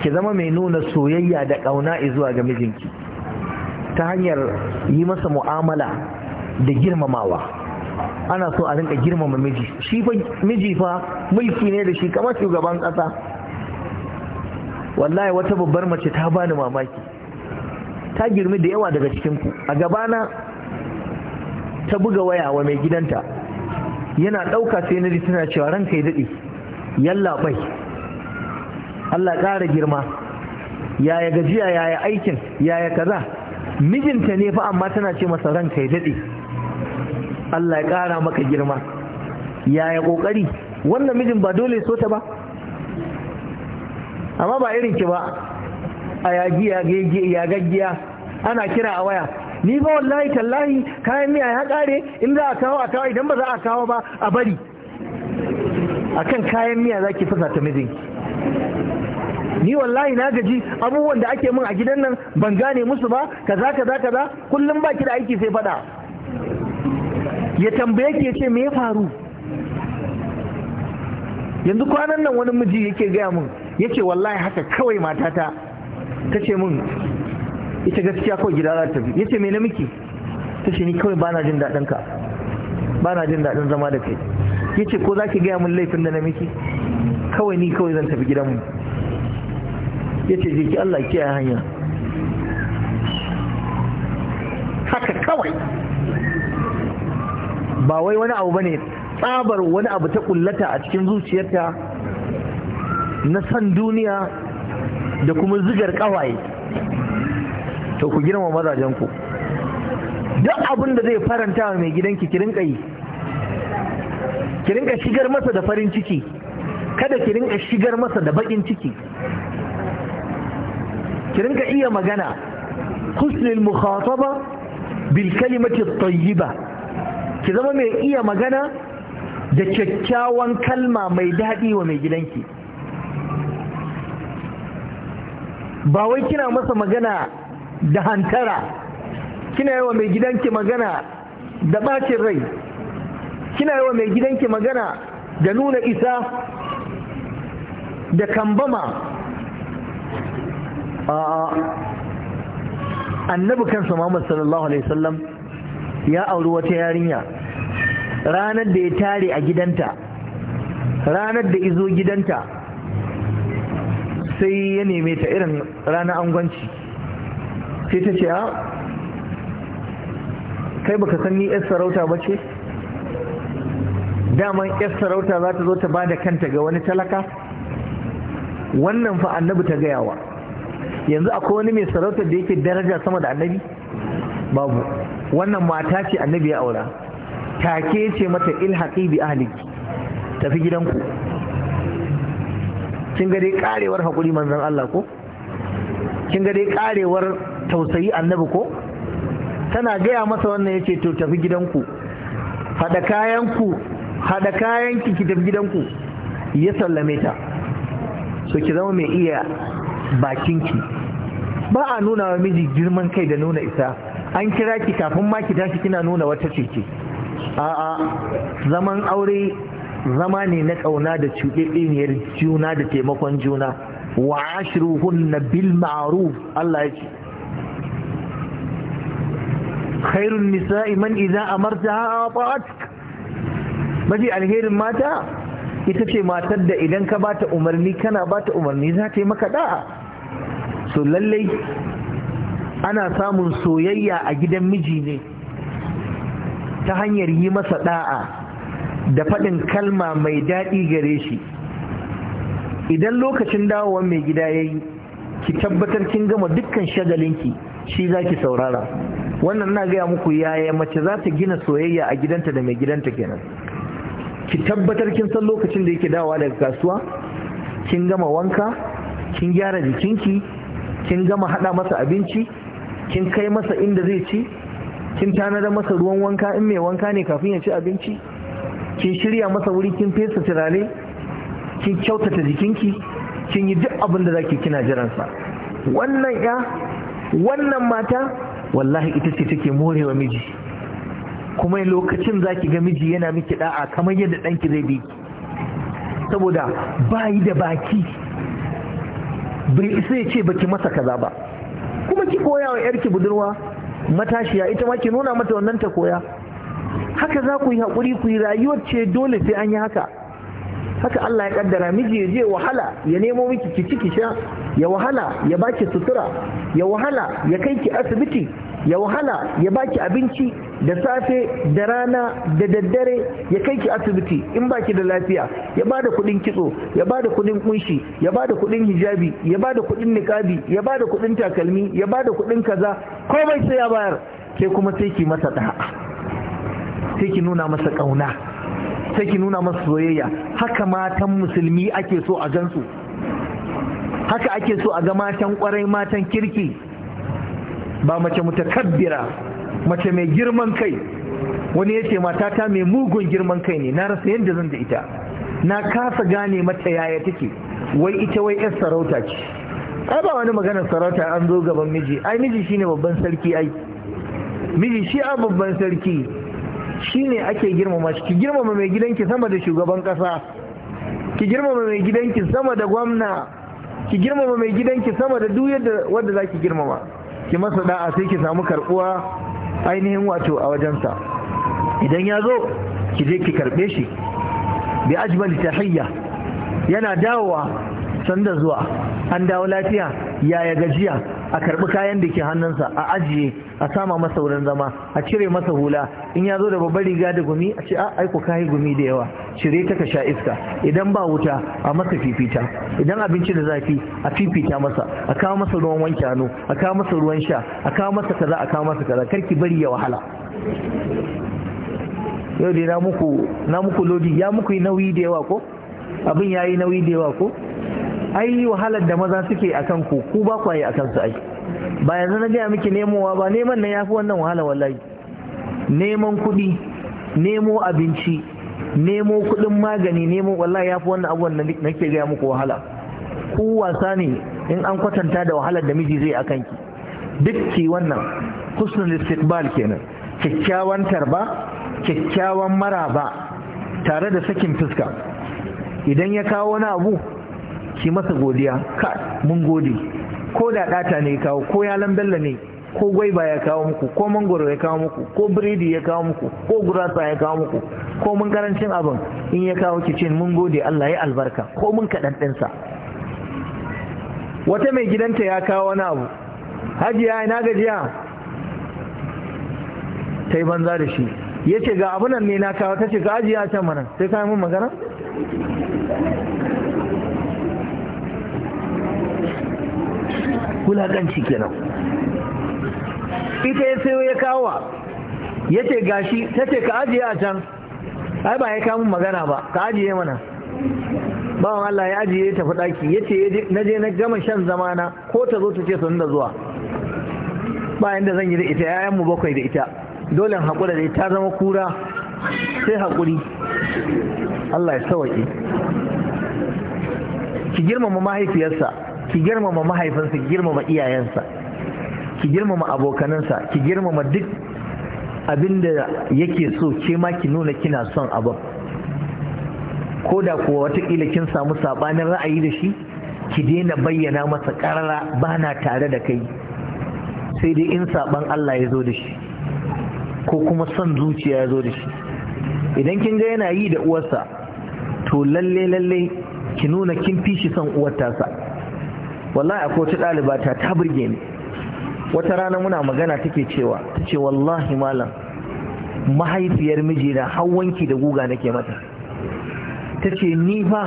ki zama mai nuna soyayya da ƙauna zuwa ga mijinki ta hanyar yi masa mu'amala da girmamawa ana so a rinka girmama miji shi fa miji fa mulki ne da shi kamar shugaban ƙasa wallahi wata babbar mace ta bani mamaki ta girmi da yawa daga cikinku a gabana ta buga waya wa mai gidanta yana ɗauka sai na ji tana cewa ranka ya daɗe yallaɓai." Allah ƙara girma yaya gajiya yaya aikin yaya kaza mijinta ne fa amma tana ce masa ran kai daɗe Allah ya ƙara maka girma yaya ƙoƙari wannan mijin ba dole so ta ba amma ba irin ki ba a yagi gaggiya ana kira a waya ni ba wallahi tallahi kayan miya ya ƙare in za a kawo a kawo idan ba za a kawo ba a bari akan kayan miya za ki fasa ta mijinki ni wallahi na gaji abubuwan da ake min a gidan nan ban gane musu ba kaza kaza kaza kullum baki da aiki sai fada ya tambaye ke ce me ya faru yanzu kwanan nan wani miji yake gaya min yace wallahi haka kawai matata ta ce min ita gaskiya kawai gida za ta bi yace me na miki ta ce ni kawai bana jin daɗin ka bana jin daɗin zama da kai yace ko za ki gaya min laifin da na miki kawai ni kawai zan tafi gidanmu ya ce jiki Allah ke hanya haka kawai ba wai wani abu bane tsabar wani abu ta kullata a cikin zuciyarta na san duniya da kuma zigar kawaye to ku girma ku duk abin da zai faranta wa mai gidanki kirinka yi kirinka shigar masa da farin ciki kada ki rinka shigar masa da bakin ciki ki rinka iya magana husnul mukhataba bil kalimati tayyiba ki zama mai iya magana da kyakkyawan kalma mai daɗi wa mai gidanki ba wai kina masa magana da hantara kina yi wa mai gidanki magana da ɓacin rai kina yi wa mai gidanki magana da nuna isa da kambama a'a annabi kansa Muhammad sallallahu alaihi wasallam ya auri wata yarinya ranar da ya tare a gidanta ranar da izo gidanta sai ya neme ta irin ranar angwanci sai ta ce a kai baka san ni yar sarauta ba ce daman yar sarauta za ta zo ta ba da kanta ga wani talaka wannan fa annabi ta gayawa yanzu akwai wani mai sarautar da yake daraja sama da annabi babu wannan mata ce annabi ya aura take ce mata ilhaqi bi ahliki tafi gidanku kin ga dai karewar hakuri manzon Allah ko kin ga dai karewar tausayi annabi ko tana gaya masa wannan yace to tafi gidanku hada kayanku hada kayanki ki tafi gidanku ya sallame ta so ki zama mai iya bakinki ba a nuna wa miji girman kai da nuna isa an kira ki kafin ma ki tashi kina nuna wata cece a'a zaman aure zama ne na kauna da cuɗeɗeniyar juna da taimakon juna wa ashiruhunna bil ma'ruf Allah ya ce khairun nisa'i man idza amartaha ata'atka mafi alherin mata ita ce matar da idan ka bata umarni kana bata umarni za ta yi maka da'a so lallai ana samun soyayya a gidan miji ne ta hanyar yi masa da'a da faɗin kalma mai daɗi gare shi idan lokacin dawowar mai gida ya yi ki tabbatar kin gama dukkan shagalinki shi za ki saurara wannan na gaya muku yaya mace za ta gina soyayya a gidanta da mai gidanta kenan ki tabbatar kin san lokacin da yake dawowa daga kasuwa kin gama wanka kin gyara jikinki kin gama hada masa abinci kin kai masa inda zai ci kin tanada masa ruwan wanka in mai wanka ne kafin ya ci abinci kin shirya masa wuri kin fesa turare kin kyautata jikinki kin yi duk abin da zaki kina jiransa wannan ya wannan mata wallahi ita ce take morewa miji kuma lokacin zaki ga miji yana miki da'a kamar yadda danki zai bi saboda bayi da baki bai isa ya ce baki masa kaza ba kuma ki koya wa yarki budurwa matashiya ita ma ki nuna mata wannan ta koya haka za ku yi hakuri ku yi rayuwar ce dole sai an yi haka haka Allah ya kaddara miji ya je wahala ya nemo miki ki ciki sha ya wahala ya baki sutura ya wahala ya kai ki asibiti ya wahala ya baki abinci da safe da rana da daddare ya kai ki asibiti in baki da lafiya ya bada kudin kitso ya bada kudin kunshi ya bada kudin hijabi ya bada kudin niqabi ya bada kudin takalmi ya bada kudin kaza komai sai ya bayar sai kuma sai ki masa da'a sai ki nuna masa kauna sai ki nuna masa soyayya haka matan musulmi ake so a gansu haka ake so a ga matan kwarai matan kirki ba mace mutakabbira mace mai girman kai wani ya ce matata mai mugun girman kai ne na rasa yadda zan da ita na kasa gane mata yaya take wai ita wai yar sarauta ce ai ba wani maganar sarauta an zo gaban miji ai miji shine babban sarki ai miji shi a babban sarki shine ake girmama shi ki girmama mai gidanki sama da shugaban kasa ki girmama mai gidanki sama da gwamna ki girmama mai gidanki sama da duk yadda wanda zaki girmama ki masa da'a sai ki samu karbuwa ainihin wato a wajensa idan ya zo ki je ki karbe shi bi ajmali tahiyya yana dawowa sanda zuwa an dawo lafiya yaya gajiya a karbi kayan da ke hannunsa a ajiye a sama masa wurin zama a cire masa hula in ya zo da babbar riga da gumi a ce "Ai, ku kayi gumi da yawa cire ta ka sha iska idan ba wuta a masa fifita idan abinci da zafi a fifita masa a kawo masa ruwan wanke hannu a kawo masa ruwan sha a kawo masa kaza a kawo masa kaza karki bari ya wahala yau dai na muku na muku lodi ya muku nauyi da yawa ko abin yayi nauyi da yawa ko ai wahalar da maza suke a kan ku ku ba kwaye a kansu ai ba yanzu na gaya miki nemowa ba neman nan yafi wannan wahala wallahi neman kuɗi nemo abinci nemo kuɗin magani nemo wallahi yafi wannan abubuwan da nake gaya muku wahala ku wasa ne in an kwatanta da wahalar da miji zai a kanki duk ki wannan husnul istiqbal kenan kyakkyawan tarba kyakkyawan maraba tare da sakin fuska idan ya kawo wani abu ki masa godiya ka mun gode ko da ɗata ne kawo ko yalan bello ne ko gwaiba ya kawo muku ko mangoro ya kawo muku ko biredi ya kawo muku ko gurasa ya kawo muku ko mun karancin abin in ya kawo ki kicin mun gode Allah ya albarka ko mun kaɗan ɗinsa wata mai gidanta ya kawo wani abu hajiya ina gajiya ta yi banza da shi ya ce ga abunan ne na kawo ta ce ga ajiya can mana sai kayan mun magana wulaganci kenan ita ya sayo ya kawo ya ce gashi ta ce ka ajiye a can ai ba ya kamun magana ba ka ajiye mana bawan Allah ya ajiye ta tafi ɗaki ya ce na je na gama shan zamana ko ta zo ta ce sun da zuwa ba yadda zan yi da ita yayan mu bakwai da ita dole haƙura da ita zama kura sai haƙuri Allah ya sawaƙi ki girmama mahaifiyarsa ki girmama mahaifinsa ki girmama iyayensa ki girmama abokanansa ki girmama duk abin da yake so ke ma ki nuna kina son abin ko da kuwa watakila kin samu sabanin ra'ayi da shi ki daina bayyana masa karara ba na tare da kai sai dai in saban Allah ya zo da shi ko kuma son zuciya ya zo da shi idan kin ga yana yi da uwarsa to lalle lalle ki nuna kin fi shi son uwar tasa wallahi akwai wata ɗaliba ta ta burge ni wata rana muna magana take cewa ta ce wallahi malam mahaifiyar mijina har wanki da guga nake mata ta ce ni fa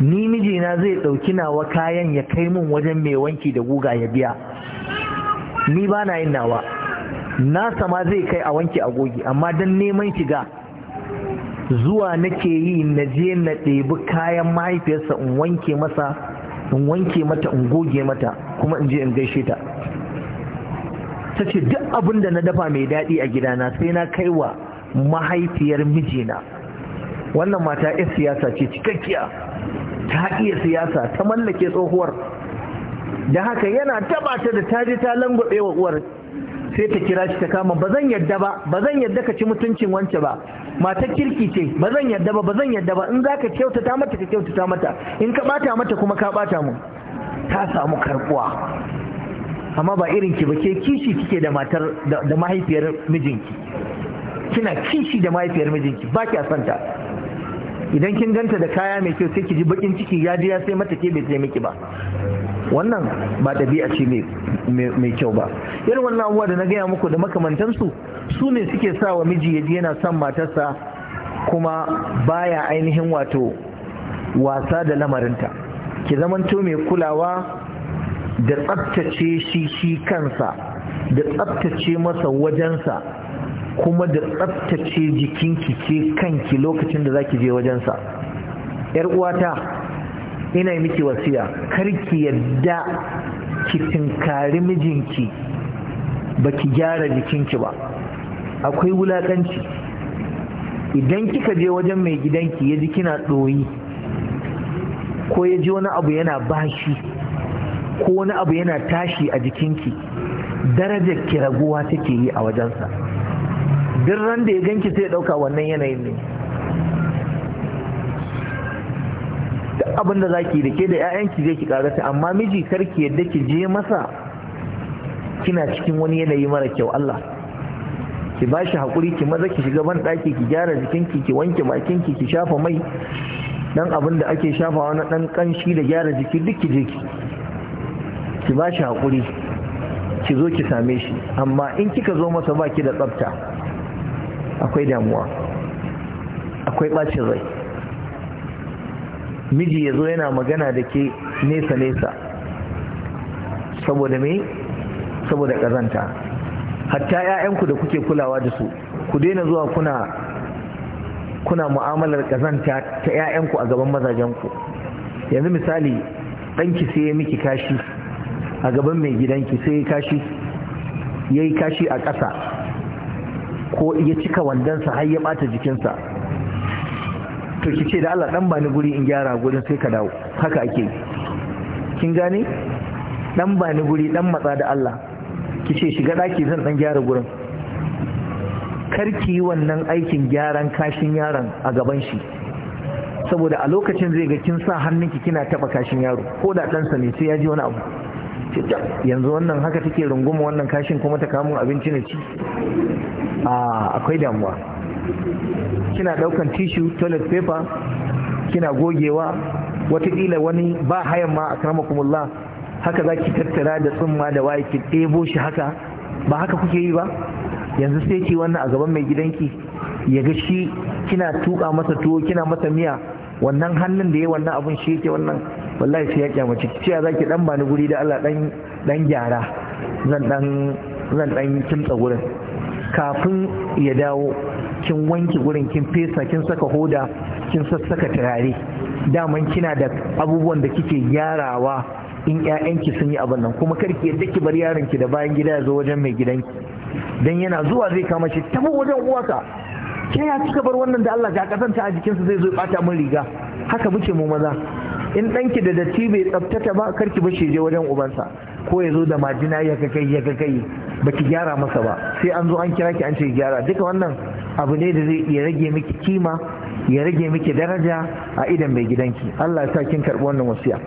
ni mijina zai ɗauki nawa kayan ya kai mun wajen mai wanki da guga ya biya ni ba na yin nawa nasa ma zai kai a wanki agogi amma don neman shiga zuwa nake yi na je na ɗebi kayan mahaifiyarsa in wanke masa in wanke mata in goge mata kuma in je in gaishe ta ta ce duk abin da na dafa mai daɗi a gidana sai na kai wa mahaifiyar mijina wannan mata 'yar siyasa ce cikakkiya ta iya siyasa ta mallake tsohuwar da haka yana taba ta da ta je ta langwaɓe wa uwar sai ta kira shi ta kama ba zan yadda ba ba zan yadda ka ci mutuncin wance ba matar kirki ce ba zan yadda ba ba zan yadda ba in za ka kyautata mata ka kyautata mata in ka bata mata kuma ka bata mu ta samu karbuwa amma ba irin ki ba ke kishi kike da matar da mahaifiyar mijinki kina kishi da mahaifiyar mijinki ba kya santa idan kin ganta da kaya mai kyau sai ki ji bakin ciki ya ji ya sai mata ke bai taimaki ba wannan ba ɗabi'a ce mai kyau ba irin wannan abubuwa da na gaya muku da makamantansu su ne suke sa wa miji ya ji yana son matarsa kuma baya ainihin wato wasa da lamarinta ki zamanto mai kulawa da tsabtace shi shi kansa da tsabtace masa wajensa kuma da tsaftace jikinki ce kanki lokacin da zaki je wajensa yar uwata ina yi miki wasiya karki yadda ki tinkari mijinki ba ki gyara jikinki ba akwai wulaƙanci. idan kika je wajen mai gidanki ya ji kina ɗoyi ko ya ji wani abu yana bashi ko wani abu yana tashi a jikinki darajar ki raguwa take yi a wajensa duk ran da ya ganki sai ya dauka wannan yanayin ne duk abin da zaki da ke da ƴaƴanki zai ki karata amma miji karki yadda ki je masa kina cikin wani yanayi mara kyau Allah ki ba shi haƙuri ki maza ki shiga ban ɗaki ki gyara jikinki ki wanke bakinki ki shafa mai dan abin da ake shafa wani dan ƙanshi da gyara jiki duk ki je ki ki ba shi haƙuri ki zo ki same shi amma in kika zo masa baki da tsafta akwai damuwa akwai ɓacin rai miji ya zo yana magana da ke nesa-nesa saboda me saboda ƙazanta hatta 'ya'yanku da kuke kulawa da su ku daina zuwa kuna kuna mu'amalar ƙazanta ta 'ya'yanku a gaban mazajenku yanzu misali ɗanki sai ya miki kashi a gaban mai gidanki sai ya yi kashi a ƙasa ko ya cika wandonsa har ya bata jikinsa to ki ce da Allah dan bani guri in gyara gurin sai ka dawo haka ake kin gane dan bani guri dan matsa da Allah ki ce shiga daki zan dan gyara gurin kar ki yi wannan aikin gyaran kashin yaron a gaban shi saboda a lokacin zai ga kin sa hannunki kina taba kashin yaro ko da dansa ne sai ya ji wani abu yanzu wannan haka take runguma wannan kashin kuma ta kamun abinci ne ci a akwai damuwa kina daukan tishu toilet paper kina gogewa watakila wani ba hayan ma akramakumullah haka za ki tattara da tsumma da waye ki ɗebo shi haka ba haka kuke yi ba yanzu sai ki wannan a gaban mai gidanki ya ga shi kina tuka masa tuwo kina masa miya wannan hannun da ya wannan abun shi yake wannan wallahi sai ya kyamaci. ki za zaki dan bani guri da Allah dan dan gyara zan dan zan dan kimtsa gurin kafin ya dawo kin wanke gurin kin fesa kin saka hoda kin sassaka turare daman kina da abubuwan da kike gyarawa in 'ya'yanki sun yi abin nan kuma karki yadda ki bar yaron ki da bayan gida ya zo wajen mai gidanki dan yana zuwa zai kama shi tafi wajen uwaka ke ya kika bar wannan da Allah ga kasanta a jikinsa zai zo bata min riga haka muke mu maza in ɗanki da datti bai tsaftata ba karki bashi je wajen ubansa ko ya zo da majina ya kai ya kai ba ki gyara masa ba sai an zo an kira ki an ce gyara duka wannan abu ne da zai iya rage miki kima ya rage miki daraja a idan mai gidanki Allah ya sa kin karbi wannan wasiya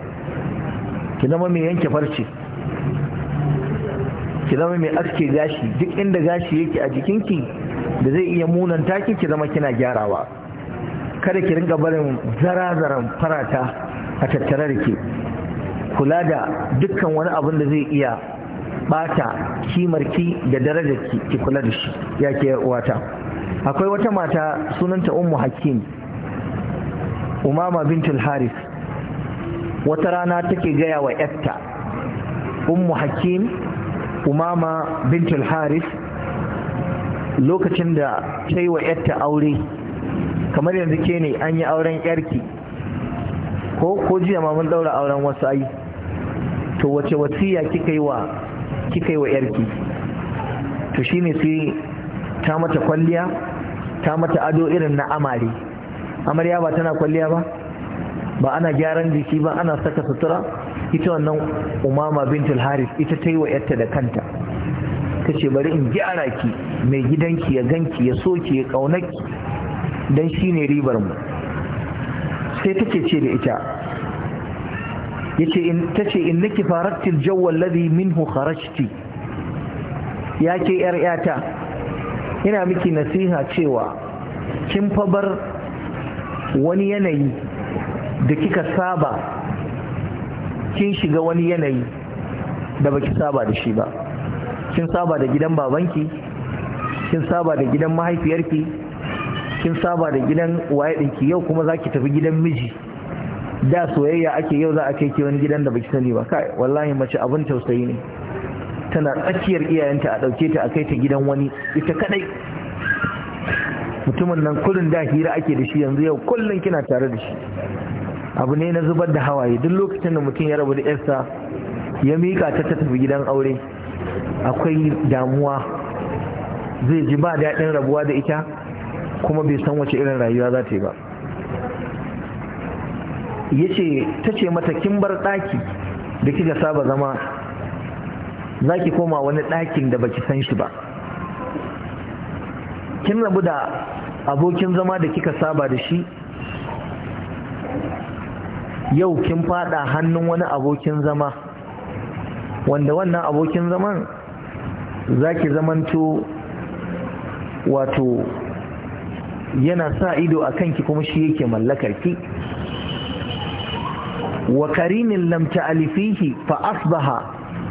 ki zama mai yanke farce ki zama mai aske gashi duk inda gashi yake a jikinki da zai iya munanta ki ki zama kina gyarawa kada ki ringa barin zarazaran farata a tattare da ke kula da dukkan wani abin da zai iya bata kimarki da darajar ki kula da shi ya ke uwata akwai wata mata sunanta ummu hakim umama bintul haris wata rana take gaya wa yarta ummu hakim umama bintul haris lokacin da ta yi wa yarta aure kamar yanzu ke ne an yi auren yarki ko ko jiya ma mun daura auren wasu ai to wace wasiya kika yi wa kika yi wa yarki to shine sai ta mata kwalliya ta mata ado irin na amare amarya ba tana kwalliya ba ba ana gyaran jiki ba ana saka sutura ita wannan umama bintul haris ita ta yi wa yarta da kanta ta ce bari in gyara ki mai gidanki ya ganki ya soke ya kaunaki don shi ne ribar mu sai take ce da ita yace in tace innaki faraktil jawwal ladhi minhu kharajti yake yar yata ina miki nasiha cewa kin fa bar wani yanayi da kika saba kin shiga wani yanayi da baki saba da shi ba kin saba da gidan babanki kin saba da gidan mahaifiyarki kin saba da gidan waye ɗinki yau kuma za ki tafi gidan miji da soyayya ake yau za a kai ke wani gidan da baki sani ba kai wallahi mace abin tausayi ne tana tsakiyar iyayenta a ɗauke ta a kai ta gidan wani ita kadai mutumin nan kullun da hira ake da shi yanzu yau kullun kina tare da shi abu ne na zubar da hawaye duk lokacin da mutum ya rabu da yarsa ya mika ta ta tafi gidan aure akwai damuwa zai ji ba daɗin rabuwa da ita kuma bai san wace irin rayuwa za ta yi ba ya ce ta ce mata kin bar ɗaki da kika saba zama za ki koma wani ɗakin da baki san shi ba kin rabu da abokin zama da kika saba da shi yau kin fada hannun wani abokin zama wanda wannan abokin zaman za ki zamanto wato yana sa ido a kanki kuma shi yake mallakar ki wa karimin lamta alifihi fa asbaha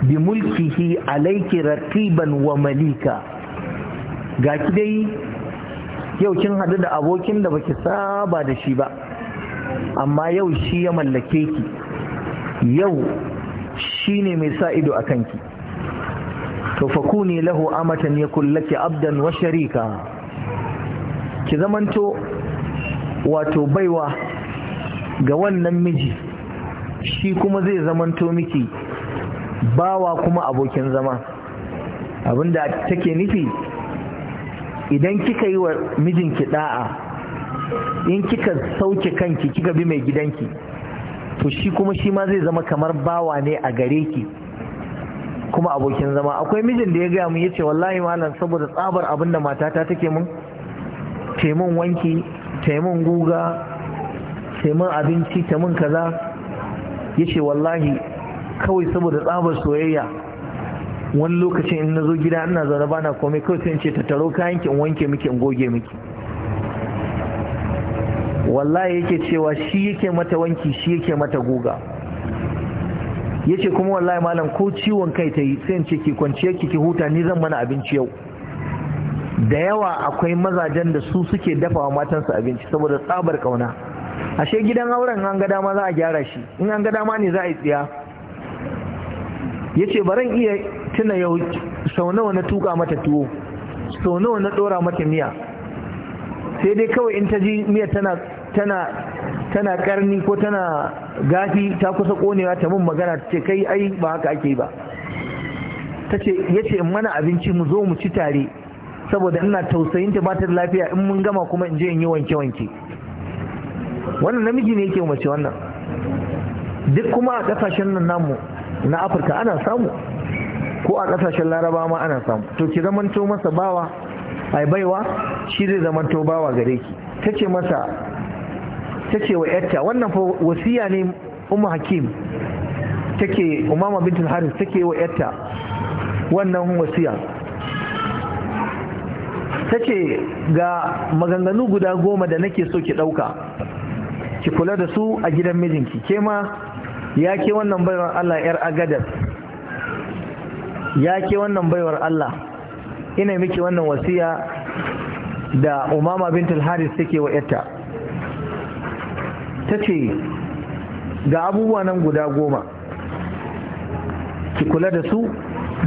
bi mulkihi alayki raqiban wa malika ga ki dai yau kin hadu da abokin da baki saba da shi ba amma yau shi ya mallake ki yau shine mai sa ido a kanki to fakuni lahu amatan ya laki abdan wa sharika ki zamanto wato baiwa ga wannan miji shi kuma zai zamanto miki bawa kuma abokin zama abinda take nufi idan kika yi wa mijinki da'a in kika sauke kanki kika bi mai gidanki to shi kuma shi ma zai zama kamar bawa ne a gare ki kuma abokin zama akwai mijin da ya gaya mu yace wallahi malam saboda tsabar abinda matata take mun taimun wanki taimun guga taimun abinci taimun kaza ya ce wallahi kawai saboda tsabar soyayya wani lokacin in na zo gida ina zaune ba na komai kawai sai in ce ta taro kayan ki in wanke miki in goge miki wallahi yake cewa shi yake mata wanki shi yake mata guga yace kuma wallahi malam ko ciwon kai ta yi sai in ce ki kwanciya ki ki huta ni zan mana abinci yau da yawa akwai mazajen da su suke dafa wa matansu abinci saboda tsabar kauna ashe gidan auren an ga dama za a gyara shi in an ga dama ne za a yi tsiya ya ce baran iya tuna yau sau nawa na tuka mata tuwo sau nawa na dora mata miya sai dai kawai in ta ji miya tana tana tana karni ko tana gafi ta kusa konewa ta mun magana ta ce kai ai ba haka ake ba ta ce ya ce mana abinci mu zo mu ci tare saboda ina tausayin ta batar lafiya in mun gama kuma in je in yi wanke wanke wannan namiji ne yake mace wannan duk kuma a kasashen nan namu na afirka ana samu ko a kasashen laraba ma ana samu to ki to masa bawa ai baiwa shi zai to bawa gare ki tace masa tace wa yarta wannan fa wasiya ne ummu hakim take umama bintul haris take wa yarta wannan wasiya ta ce ga maganganu guda goma da nake so ki ɗauka ki kula da su a gidan mijinki ke ma ya ke wannan baiwar Allah yar agadar ya ke wannan baiwar Allah ina miki wannan wasiya da umama bintul haris take wa yarta ta ce ga abubuwa nan guda goma ki kula da su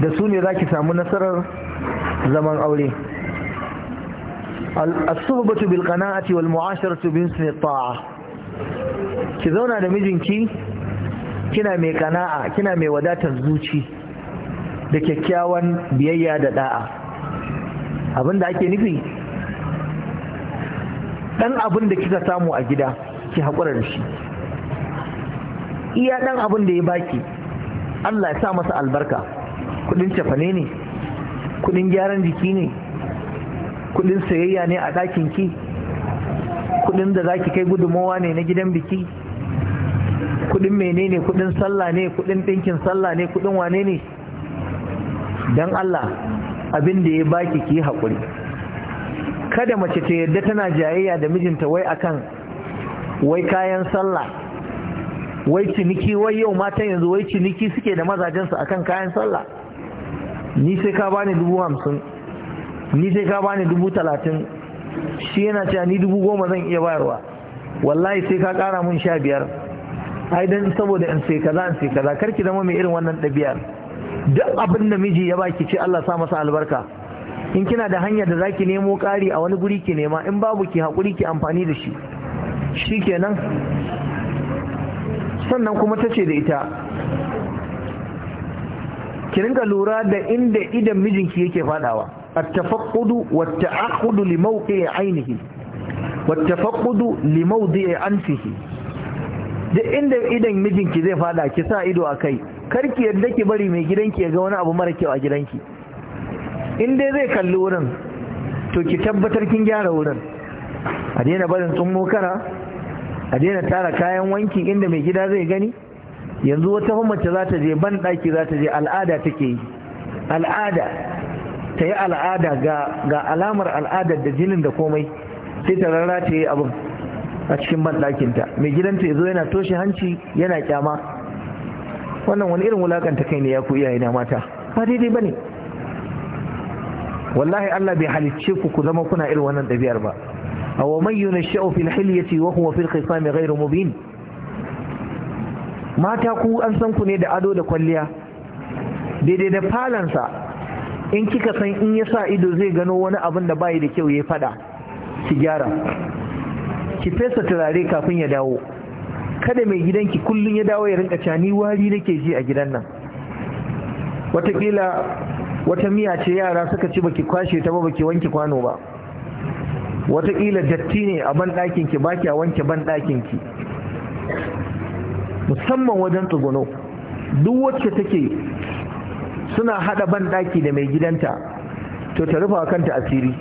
da su ne za ki samu nasarar zaman aure as-suhbatu bil qana'ati wal mu'asharatu bi husni ta'a ki zauna da mijinki kina mai kana'a kina mai wadatar zuci da kyakkyawan biyayya da da'a abinda ake nufi dan abin da kika samu a gida ki haƙura da shi iya dan abin da ya baki Allah ya sa masa albarka kuɗin cefane ne kudin gyaran jiki ne kudin sayayya ne a ɗakin ki kudin da zaki kai gudummawa ne na gidan biki kudin menene kudin sallah ne kudin ɗinkin sallah ne kudin wane ne don Allah abin da ya baki ki haƙuri kada mace ta yadda tana jayayya da mijinta wai akan wai kayan sallah wai ciniki wai yau matan yanzu wai ciniki suke da mazajensu akan kayan sallah ni sai ka bani dubu hamsin ni sai ka bani dubu talatin shi yana cewa ni dubu goma zan iya bayarwa wallahi sai ka kara mun sha biyar ai dan saboda in sai kaza in sai kaza kar ki zama mai irin wannan ɗabi'ar duk abin da miji ya baki ce Allah sa masa albarka in kina da hanyar da zaki nemo ƙari a wani guri ki nema in babu ki haƙuri ki amfani da shi shikenan sannan kuma ta ce da ita ki rinka lura da inda idan mijinki yake fadawa التفقد والتعقد لموقع عينه والتفقد لموضع أنفه duk inda idan mijinki zai fada ki sa ido a kai karki yadda ki bari mai gidanki ya ga wani abu mara kyau a gidanki in dai zai kalli wurin to ki tabbatar kin gyara wurin a daina barin tsummo kara a daina tara kayan wanki inda mai gida zai gani yanzu wata mace za ta je ban ɗaki za ta je al'ada take yi al'ada ta yi al'ada ga alamar al'adar da jinin da komai sai ta ta yi abin a cikin banɗakinta mai gidanta ya zo yana toshe hanci yana kyama wannan wani irin wulakanta kai ne ya ku iyaye na mata ba daidai ba ne wallahi Allah bai halicce ku ku zama kuna irin wannan ɗabi'ar ba a wa mai yuna sha'o fil hilyati wa huwa fil khisami ghairu mubin mata ku an san ku ne da ado da kwalliya daidai da falansa in kika san in ya sa ido zai gano wani abin da bayi da kyau ya fada ki gyara ki fesa turare kafin ya dawo kada mai gidanki kullum ya dawo ya rinka cani wari nake ji a gidan nan watakila wata miya ce yara suka ci baki kwashe ta ba baki wanke kwano ba watakila datti ne a ban ɗakin ki baki a wanke ban ki musamman wajen tsuguno duk wacce take suna hada ban daki da mai gidanta to ta rufa kanta asiri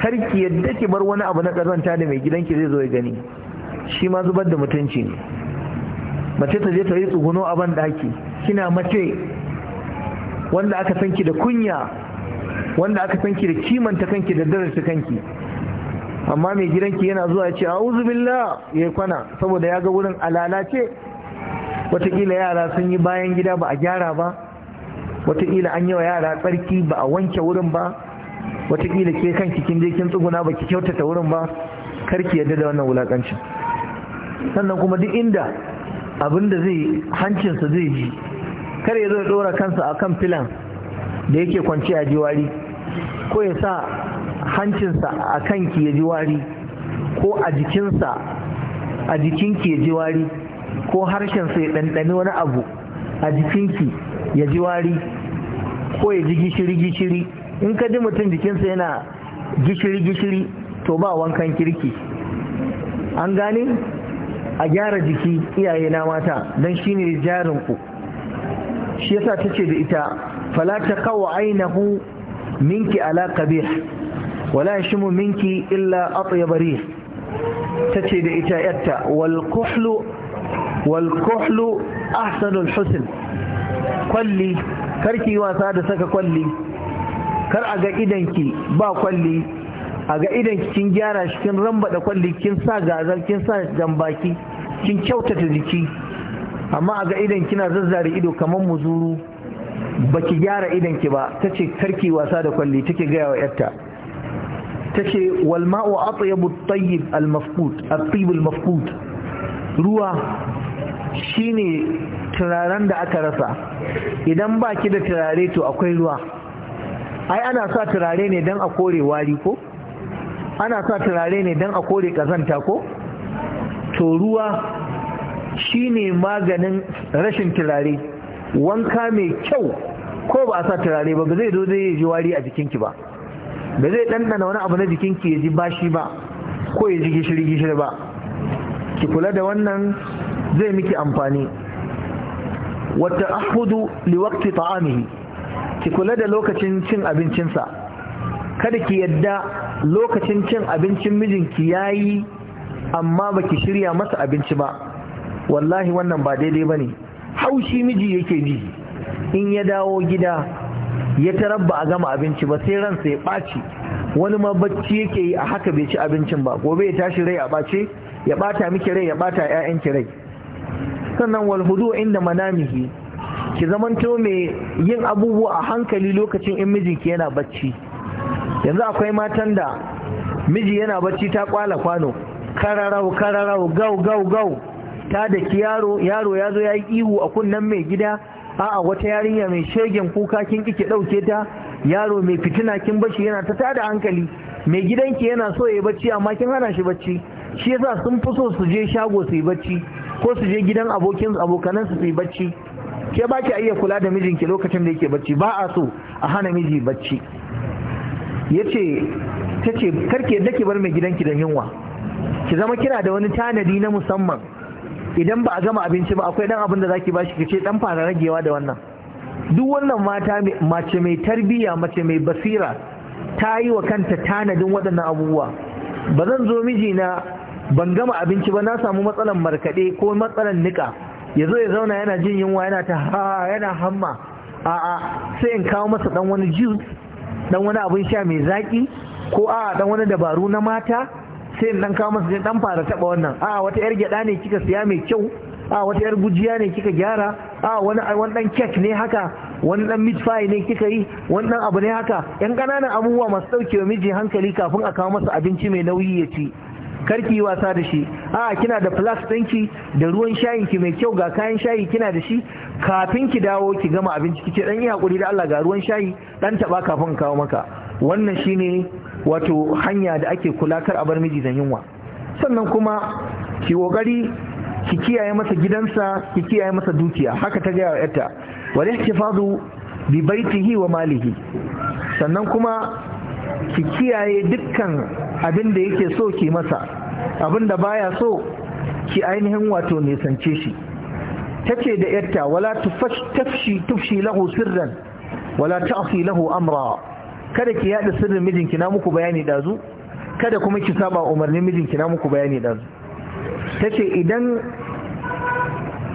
kar ki yadda ki bar wani abu na kazanta da mai gidanki zai zo ya gani shi ma zubar da mutunci ne mace ta je ta yi tsuguno a ban daki kina mace wanda aka sanki da kunya wanda aka san ki da kimanta kanki da darasta kanki amma mai gidanki yana zuwa ce a'udhu billah ya kwana saboda ya ga wurin alalace wataƙila yara sun yi bayan gida ba a gyara ba wataƙila an yi wa yara tsarki ba a wanke wurin ba wataƙila ke kan kikin je tsuguna ba ki kyautata wurin ba karki yadda da wannan wulaƙancin sannan kuma duk inda abin da zai hancinsa zai ji kar ya zo ya ɗora kansa a kan filan da yake kwanci a wari ko ya sa hancinsa a kanki ya ji wari, ko a jikinsa a jikinki ya ji wari, ko harshensa ya ɗanɗani wani abu a jikinki ya ji wari ko ya ji gishiri-gishiri in ka ji mutum jikinsa yana gishiri-gishiri to ba wankan kirki an gane a gyara jiki iyaye na mata don shi ne jarinku shi yasa ta ce da ita falata kawo ainihu minki ala kabir wala mu minki illa bari? ta ce da ita yatta wal ahsanul husn kwalli karki wasa da saka kwalli kar a ga idanki ba kwalli a ga idanki kin gyara shi kin ramba da kwalli kin sa gazar kin sa jambaki kin kyautata jiki amma a ga idan kina zazzare ido kamar muzuru baki gyara idanki ba ta tace karki wasa da kwalli take gaya wa yarta ta ce walma'u atyabu tayyib al-mafqud at-tayyib ruwa shine turaren da aka rasa idan baki da turare to akwai ruwa ai ana sa turare ne don a kore wari ko ana sa turare ne don a kore kazanta ko to ruwa shine maganin rashin turare wanka mai kyau ko ba a sa turare ba ba zai zo zai ji wari a jikinki ba ba zai ɗanɗana wani abu na jikinki ya ji bashi ba ko ya ji gishiri gishiri ba ki kula da wannan zai miki amfani wata ahudu liwakti ta'amihi ki kula da lokacin cin abincinsa kada ki yadda lokacin cin abincin mijinki yayi amma baki shirya masa abinci ba wallahi wannan ba daidai ba ne haushi miji yake ji in ya dawo gida ya tarabba a gama abinci ba sai ransa ya ɓaci wani ma bacci yake yi a haka bai ci abincin ba gobe ya tashi rai a ɓace ya ɓata miki rai ya ɓata 'ya'yanki rai sannan walhudu inda manamihi ki zamanto mai yin abubuwa a hankali lokacin in mijinki yana bacci yanzu akwai matan da miji yana bacci ta kwala kwano kararau kararau gau gau gau ta da ki yaro yaro ya zo ya yi ihu a kunnen mai gida a'a wata yarinya mai shegen kuka kin kike dauke ta yaro mai fitina kin bashi yana ta tada hankali mai gidanki yana so ya bacci amma kin hana shi bacci shi yasa sun fi so su je shago su yi bacci ko su je gidan abokin abokanan su yi bacci ke ba ki iya kula da mijinki lokacin da yake bacci ba a so a hana miji bacci yace tace karke yadda ki bar mai gidan ki da yunwa ki zama kina da wani tanadi na musamman idan ba a gama abinci ba akwai dan abin da zaki bashi ki ce dan fara ragewa da wannan duk wannan mata mace mai tarbiyya mace mai basira ta yi wa kanta tanadin waɗannan abubuwa ba zan zo mijina ban gama abinci ba na samu matsalan markaɗe ko matsalan nika ya zo ya zauna yana jin yunwa yana ta ha yana hamma a'a sai in kawo masa dan wani juice dan wani abin sha mai zaki ko a'a dan wani dabaru na mata sai in dan kawo masa dan fara taba wannan a'a wata yar gyada ne kika siya mai kyau a wata yar gujiya ne kika gyara a wani wani dan cake ne haka wani dan meat pie ne kika yi wani dan abu ne haka yan kananan abubuwa masu dauke wa miji hankali kafin a kawo masa abinci mai nauyi ya ci karki wasa da shi a kina da flask ɗinki da ruwan shayin ki mai kyau ga kayan shayi kina da shi kafin ki dawo ki gama abinci kice dan yi hakuri da Allah ga ruwan shayi dan taba kafin kawo maka wannan shine wato hanya da ake kula kar a bar miji da yunwa sannan kuma ki kokari ki kiyaye masa gidansa ki kiyaye masa dukiya haka ta gaya wa yarta wal ihtifadu bi baitihi wa malihi sannan kuma ki kiyaye dukkan abin da yake so ki masa abin da baya so ki ainihin wato nisance shi ta ce da 'yarta wala tafshi tufshi lahu sirran wala ta'si lahu amra kada ki yada sirrin mijinki na muku bayani dazu kada kuma ki saba umarnin mijinki na muku bayani dazu ta ce idan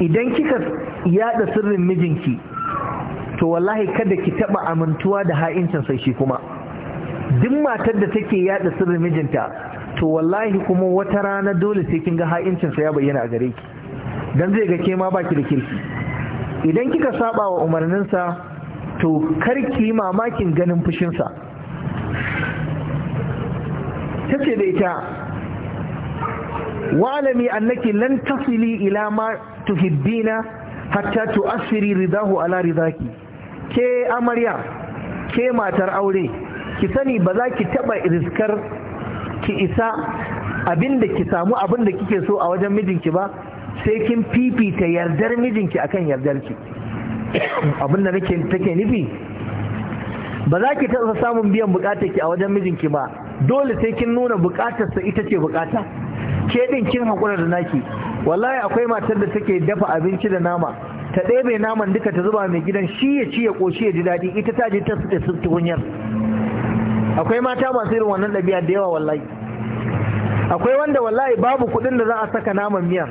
idan kika yada sirrin mijinki to wallahi kada ki taba amintuwa da ha'incin sai shi kuma duk matar da take yada sirrin mijinta to wallahi kuma wata rana dole sai kin ga ha'incin sa ya bayyana a gare ki dan zai ga ke ma baki da kirki idan kika saba wa umarnin sa to karki mamakin ganin fushin sa tace da ita walami annaki lan tasili ila ma tuhibbina hatta tu'assiri ridahu ala ridaki ke amarya ke matar aure ki sani ba za ki taba riskar ki isa abinda ki samu abinda kike so a wajen mijinki ba sai kin fifita yardar mijinki akan yardarki abinda nake take nufi ba za ki taba samun biyan bukatar ki a wajen mijinki ba dole sai kin nuna sa ita ce bukata ke din kin hakura da naki wallahi akwai matar da take dafa abinci da nama ta ɗebe naman duka ta zuba mai gidan shi ya ci ya ƙoshi ya ji daɗi ita ta je ta suɗe tukunyar akwai mata masu irin wannan ɗabi'a da yawa wallahi akwai wanda wallahi babu kuɗin da za a saka naman miya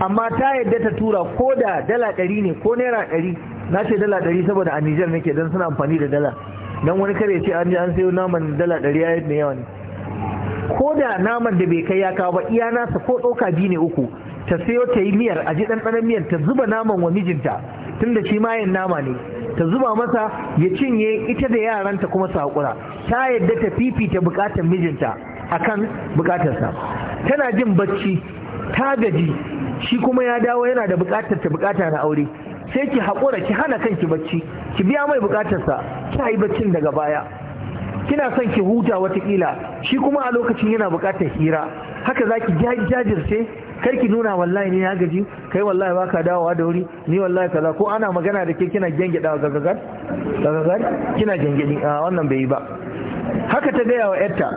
amma ta yadda ta tura ko da dala ɗari ne ko naira ɗari na ce dala ɗari saboda a Nijar nake don suna amfani da dala don wani kare ce an an sayo naman dala ɗari ya yi yawa ne ko da naman da bai kai ya kawo ba iya nasa ko ɗauka biyu ne uku ta sayo ta yi miyar a ji ɗanɗanon miyar ta zuba naman wa mijinta tunda shi mayan nama ne ta zuba masa ya cinye ita da yaranta kuma su haƙura ta yadda ta fifita buƙatar mijinta a kan buƙatarsa tana jin bacci ta gaji shi kuma ya dawo yana da buƙatar ta buƙata na aure sai ki haƙura ki hana kanki bacci ki biya mai buƙatarsa ki yi baccin daga baya kina son ki huta watakila shi kuma a lokacin yana buƙatar hira haka za ki jajirce kar ki nuna wallahi ni ya gaji kai wallahi baka dawowa da wuri ni wallahi kaza ko ana magana da ke kina gengeda gagagar gagagar kina gengedi a ah, wannan bai yi ba haka ta gaya wa yarta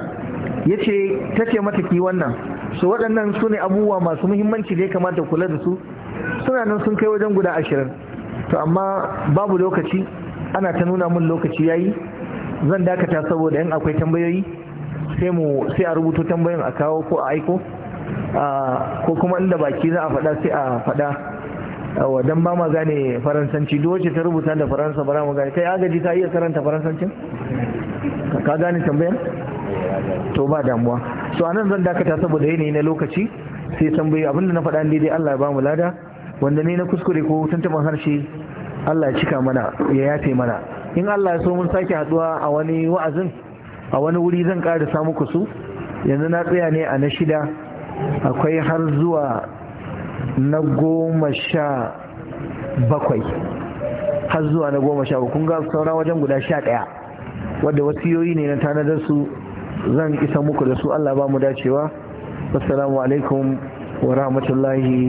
yace take mata ki wannan so waɗannan su ne abubuwa masu muhimmanci da ya kamata kula da su suna nan sun kai wajen guda ashirin to amma babu lokaci ana ta nuna min lokaci yayi zan dakata saboda in akwai tambayoyi sai mu sai a rubuto tambayoyin a kawo ko a aiko ko kuma inda baki za a faɗa sai a faɗa wa dan ba ma gane faransanci doce ta rubuta da faransa ba mu gane kai agaji ka iya karanta faransancin ka gane tambayar to ba damuwa so anan zan dakata saboda yanayi na lokaci sai tambayi abinda na faɗa daidai Allah ya ba mu lada wanda ne na kuskure ko tuntuban harshe Allah ya cika mana ya yafe mana in Allah ya so mun sake haduwa a wani wa'azin a wani wuri zan ƙara samu ku su yanzu na tsaya ne a na shida akwai har zuwa na goma sha bakwai har zuwa na goma sha kun ga saura wajen guda sha ɗaya wadda wasiyoyi ne na tanadar su zan isa muku da su allah ba mu dacewa wassalamu alaikum wa rahmatullahi